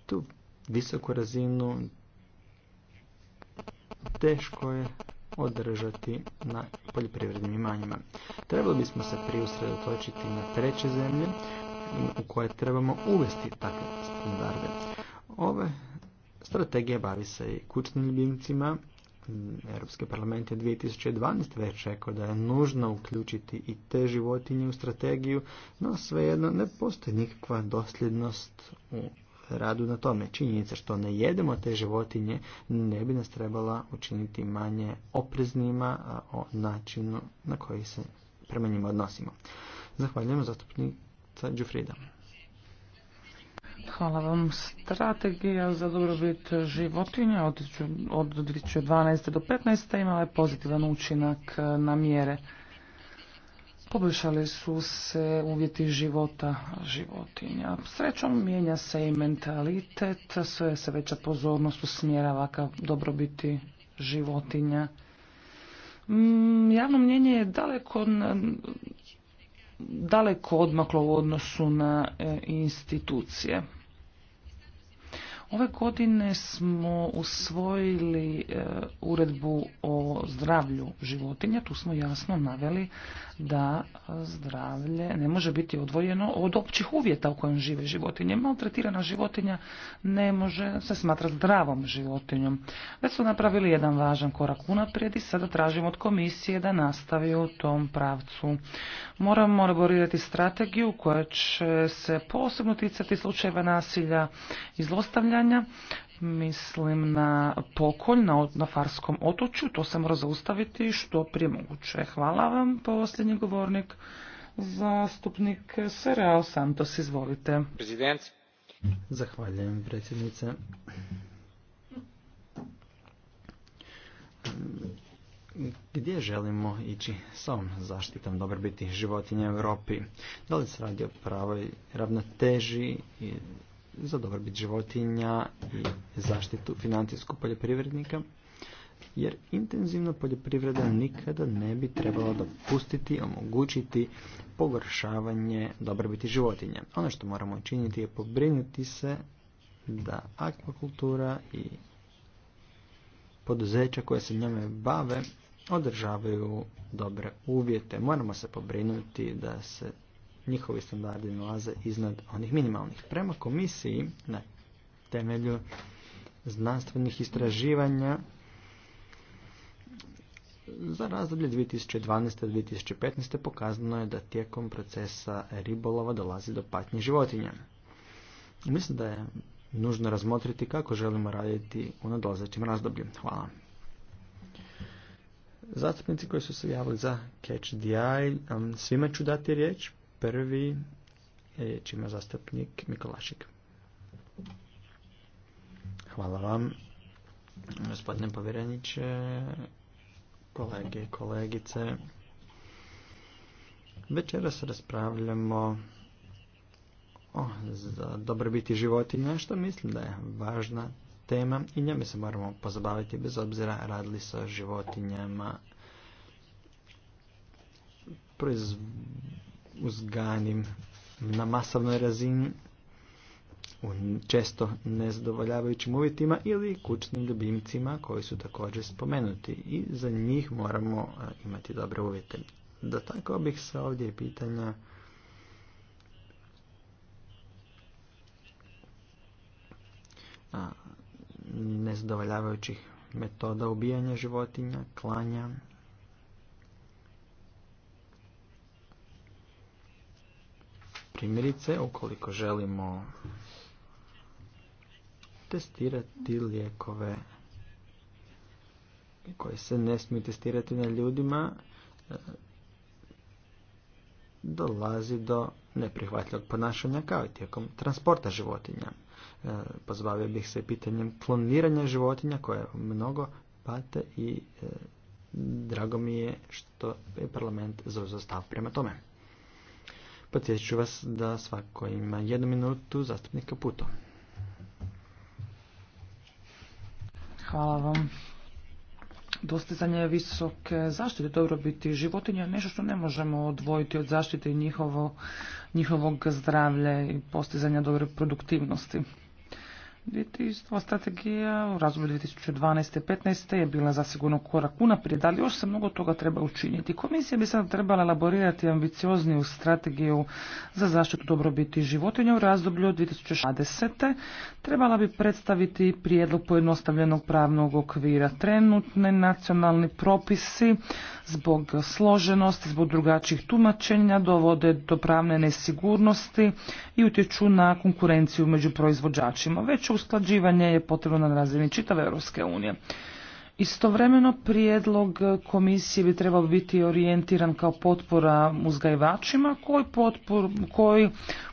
tu visoku razinu teško je održati na poljoprivrednim imanjima. Trebali bismo se priusredotočiti na treće zemlje u koje trebamo uvesti takve standarde. Ove strategije bavi se i kućnim ljubimcima, Europski parlament je 2012. već rekao da je nužno uključiti i te životinje u strategiju, no svejedno ne postoji nikakva dosljednost u radu na tome. Činjenica što ne jedemo te životinje ne bi nas trebala učiniti manje opreznima o načinu na koji se prema njima odnosimo. Zahvaljujemo zastupnica Đufrida. Hvala vam. Strategija za dobrobit životinja od 2012. do 2015. imala je pozitivan učinak na mjere. Poboljšali su se uvjeti života životinja. Srećom mijenja se i mentalitet, sve se veća pozornost usmjerava ka dobrobiti životinja. Mm, javno mnjenje je daleko daleko odmaklo u odnosu na e, institucije. Ove godine smo usvojili e, uredbu o zdravlju životinja, tu smo jasno naveli da zdravlje ne može biti odvojeno od općih uvjeta u kojem žive životinje. Maltretirana životinja ne može se smatrati zdravom životinjom. Već su napravili jedan važan korak unaprijed i sada tražimo od komisije da nastavi u tom pravcu. Moramo elaborirati strategiju koja će se posebno ticati slučajeva nasilja i zlostavljanja Mislim na pokolj na, na Farskom otoču. to se mora zaustaviti što prije moguće. Hvala vam, posljednji govornik, zastupnik Serao Santos, izvolite. Prezident. Zahvaljujem, predsjednice. Gdje želimo ići Sa ovom zaštitom dobrobiti životinja u Europi? Da li se radi o pravoj ravnoteži za dobrobit životinja i zaštitu financijskog poljoprivrednika, jer intenzivna poljoprivreda nikada ne bi trebala dopustiti, omogućiti pogoršavanje dobrobiti životinja. Ono što moramo učiniti je pobrinuti se da akvakultura i poduzeća koje se njome bave održavaju dobre uvjete. Moramo se pobrinuti da se njihovi standardi nalaze iznad onih minimalnih. Prema komisiji, na temelju znanstvenih istraživanja, za razdoblje 2012-2015 pokazano je da tijekom procesa ribolova dolazi do patnje životinja. Mislim da je nužno razmotriti kako želimo raditi u nadolazećim razdoblju. Hvala. Zastupnici koji su se javili za Catch the Eye, svima ću dati riječ. Prvi riječ ima zastupnik Mikolašik. Hvala vam, gospodine povjereniče, kolege i kolegice. Večeras raspravljamo o, za dobrobiti životinja, što mislim da je važna tema i njome se moramo pozabaviti bez obzira radili sa životinjama proizvodnje uzganim na masovnoj razini u često nezadovoljavajućim uvjetima ili kućnim ljubimcima koji su također spomenuti i za njih moramo e, imati dobre uvjete. tako bih se ovdje pitanja nezadovoljavajućih metoda ubijanja životinja, klanja, Primjerice, ukoliko želimo testirati lijekove koji se ne smiju testirati na ljudima, e, dolazi do neprihvatljivog ponašanja kao i tijekom transporta životinja. E, pozbavio bih se pitanjem kloniranja životinja koje mnogo pate i e, drago mi je što je parlament zauzeo stav prema tome. Podsjeću vas da svako ima jednu minutu zastupnika Puto. Hvala vam. Dostizanje visoke zaštite dobrobiti životinja je nešto što ne možemo odvojiti od zaštite njihovo, njihovog zdravlja i postizanja dobre produktivnosti. 2000, strategija u razdoblju 2012. i 15. je bila zasigurno korak unaprijed, ali još se mnogo toga treba učiniti. Komisija bi sada trebala elaborirati ambiciozniju strategiju za zaštitu dobrobiti životinja u razdoblju 2020. Trebala bi predstaviti prijedlog pojednostavljenog pravnog okvira. Trenutne nacionalni propisi zbog složenosti, zbog drugačijih tumačenja dovode do pravne nesigurnosti i utječu na konkurenciju među proizvođačima. Već u usklađivanje je potrebno na razini čitave Europske unije. Istovremeno prijedlog komisije bi trebao biti orijentiran kao potpora uzgajivačima koji, potpor, koji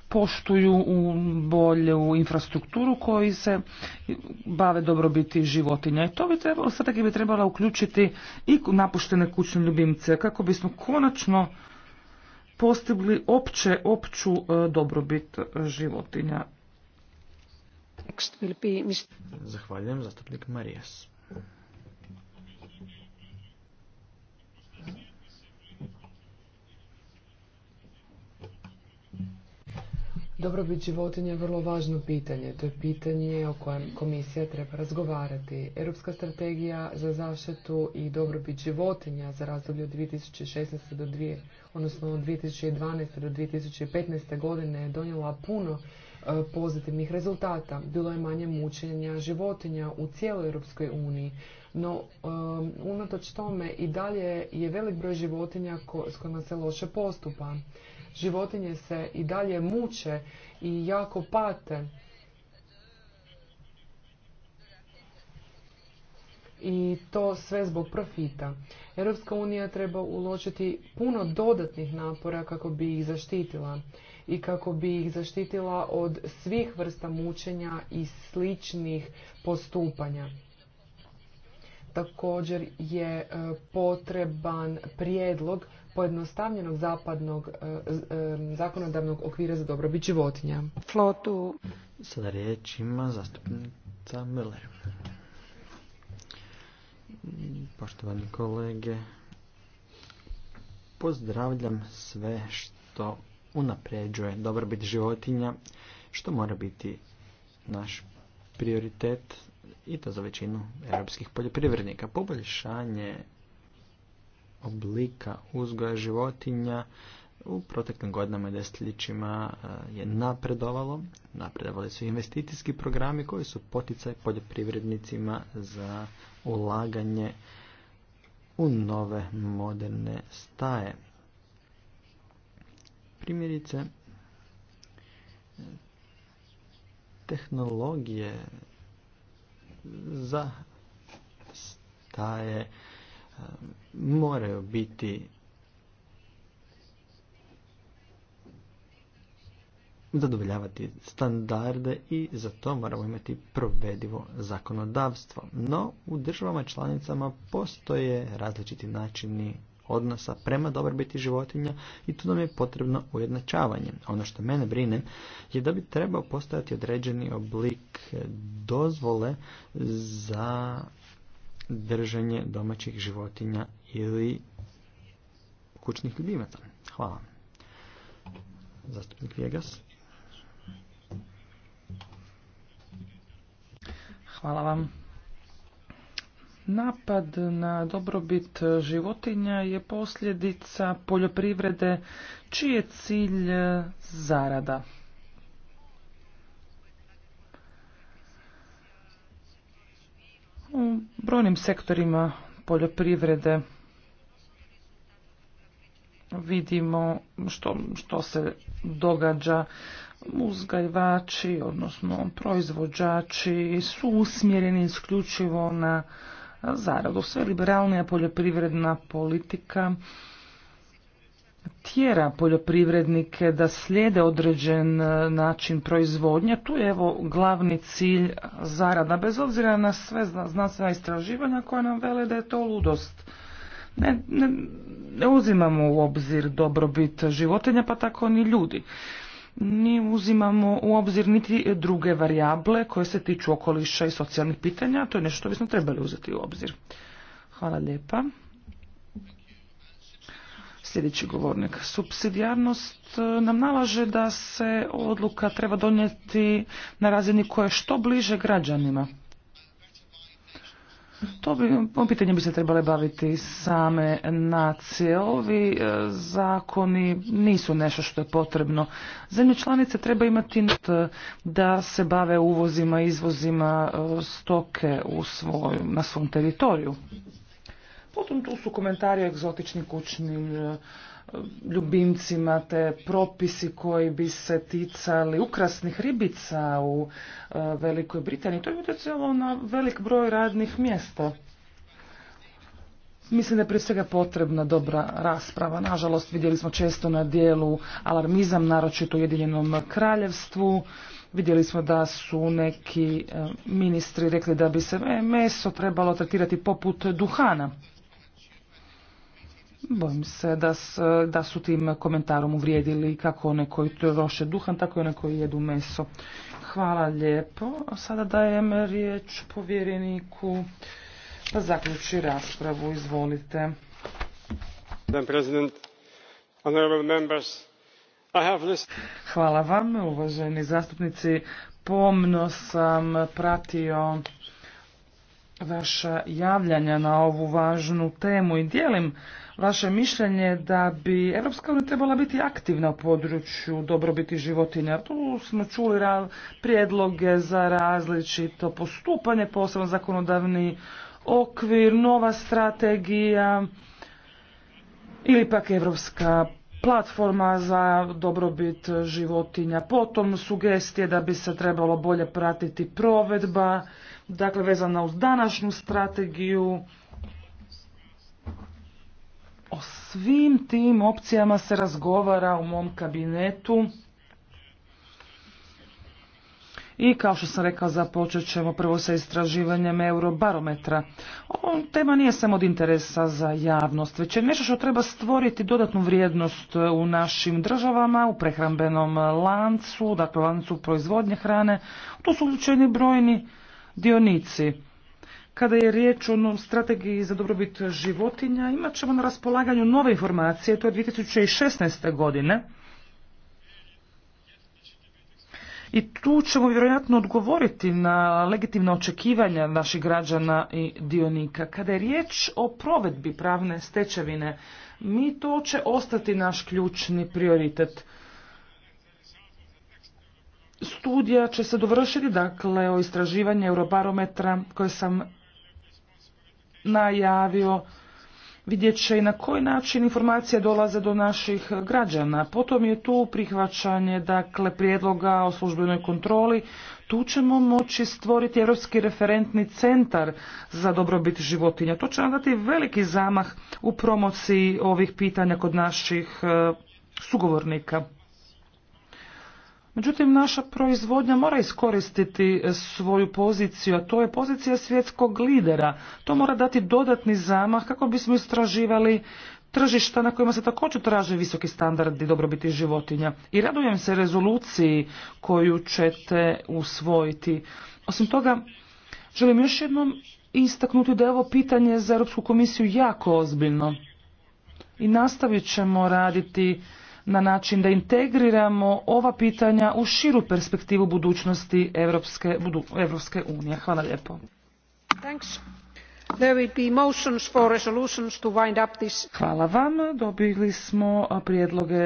poštuju u bolju infrastrukturu koji se bave dobrobiti životinja. I to bi trebalo, strategija bi trebala uključiti i napuštene kućne ljubimce kako bismo konačno postigli opće, opću e, dobrobit životinja. Zahvaljujem, zastupnik Marijas. Dobrobit životinja je vrlo važno pitanje. To je pitanje o kojem komisija treba razgovarati. Europska strategija za zaštitu i dobrobit životinja za razdoblje od 2016. do 2, odnosno od 2012. do 2015. godine je donijela puno E, pozitivnih rezultata. Bilo je manje mučenja životinja u cijeloj Europskoj uniji, no e, unatoč tome i dalje je velik broj životinja s kojima se loše postupa. Životinje se i dalje muče i jako pate i to sve zbog profita. Europska unija treba uložiti puno dodatnih napora kako bi ih zaštitila i kako bi ih zaštitila od svih vrsta mučenja i sličnih postupanja. Također je e, potreban prijedlog pojednostavljenog zapadnog e, e, zakonodavnog okvira za dobrobit životinja. Flotu. Sada riječ ima zastupnica Miller. Poštovani kolege, pozdravljam sve što unapređuje dobrobit životinja, što mora biti naš prioritet i to za većinu europskih poljoprivrednika. Poboljšanje oblika uzgoja životinja u proteklim godinama i desetljećima e, je napredovalo. Napredovali su investicijski programi koji su poticaj poljoprivrednicima za ulaganje u nove moderne staje. Primjerice, tehnologije za staje e, moraju biti zadovoljavati standarde i za to moramo imati provedivo zakonodavstvo. No, u državama članicama postoje različiti načini odnosa prema dobrobiti životinja i tu nam je potrebno ujednačavanje. Ono što mene brine je da bi trebao postojati određeni oblik dozvole za držanje domaćih životinja ili kućnih ljubimaca. Hvala. Zastupnik Vjegas. Hvala vam. Napad na dobrobit životinja je posljedica poljoprivrede čiji je cilj zarada. U brojnim sektorima poljoprivrede vidimo što, što se događa. Uzgajivači, odnosno proizvođači su usmjereni isključivo na zaradu. Sve liberalnija poljoprivredna politika tjera poljoprivrednike da slijede određen način proizvodnje. Tu je evo glavni cilj zarada, bez obzira na sve znanstvena istraživanja koja nam vele da je to ludost ne, ne, uzimamo u obzir dobrobit životinja, pa tako ni ljudi. Ni uzimamo u obzir niti druge varijable koje se tiču okoliša i socijalnih pitanja, to je nešto što bismo trebali uzeti u obzir. Hvala lijepa. Sljedeći govornik. Subsidijarnost e, nam nalaže da se odluka treba donijeti na razini koje je što bliže građanima. To bi, pitanje bi se trebale baviti same nacije. Ovi e, zakoni nisu nešto što je potrebno. Zemlje članice treba imati e, da se bave uvozima, izvozima e, stoke u svoj, na svom teritoriju. Potom tu su komentari o egzotičnim kućnim ljubimcima te propisi koji bi se ticali ukrasnih ribica u e, Velikoj Britaniji. To je utjecalo na velik broj radnih mjesta. Mislim da je prije svega potrebna dobra rasprava. Nažalost, vidjeli smo često na dijelu alarmizam, naročito u Jedinjenom kraljevstvu. Vidjeli smo da su neki e, ministri rekli da bi se meso trebalo tretirati poput duhana. Bojim se da, da su tim komentarom uvrijedili kako one koji troše duhan, tako i one koji jedu meso. Hvala lijepo. Sada dajem riječ povjereniku da zaključi raspravu. Izvolite. Hvala vam, uvaženi zastupnici. Pomno sam pratio vaša javljanja na ovu važnu temu i dijelim vaše mišljenje da bi Europska unija trebala biti aktivna u području dobrobiti životinja. Tu smo čuli prijedloge za različito postupanje, posebno zakonodavni okvir, nova strategija ili pak Europska platforma za dobrobit životinja. Potom sugestije da bi se trebalo bolje pratiti provedba, dakle vezana uz današnju strategiju o svim tim opcijama se razgovara u mom kabinetu. I kao što sam rekao, započet ćemo prvo sa istraživanjem eurobarometra. Ovo tema nije samo od interesa za javnost, već je nešto što treba stvoriti dodatnu vrijednost u našim državama, u prehrambenom lancu, dakle lancu proizvodnje hrane. Tu su uključeni brojni dionici. Kada je riječ o strategiji za dobrobit životinja, imat ćemo na raspolaganju nove informacije, to je 2016. godine. I tu ćemo vjerojatno odgovoriti na legitimna očekivanja naših građana i dionika. Kada je riječ o provedbi pravne stečevine, mi to će ostati naš ključni prioritet. Studija će se dovršiti, dakle, o istraživanju Eurobarometra koje sam najavio. Vidjet će i na koji način informacije dolaze do naših građana. Potom je tu prihvaćanje dakle, prijedloga o službenoj kontroli. Tu ćemo moći stvoriti Europski referentni centar za dobrobit životinja. To će nam dati veliki zamah u promociji ovih pitanja kod naših e, sugovornika. Međutim, naša proizvodnja mora iskoristiti e, svoju poziciju, a to je pozicija svjetskog lidera. To mora dati dodatni zamah kako bismo istraživali tržišta na kojima se također traže visoki standardi dobrobiti životinja. I radujem se rezoluciji koju ćete usvojiti. Osim toga, želim još jednom istaknuti da je ovo pitanje za Europsku komisiju jako ozbiljno. I nastavit ćemo raditi na način da integriramo ova pitanja u širu perspektivu budućnosti Evropske, budu, Evropske unije. Hvala lijepo. Thanks. There will be motions for resolutions to wind up this. Hvala vam. Dobili smo prijedloge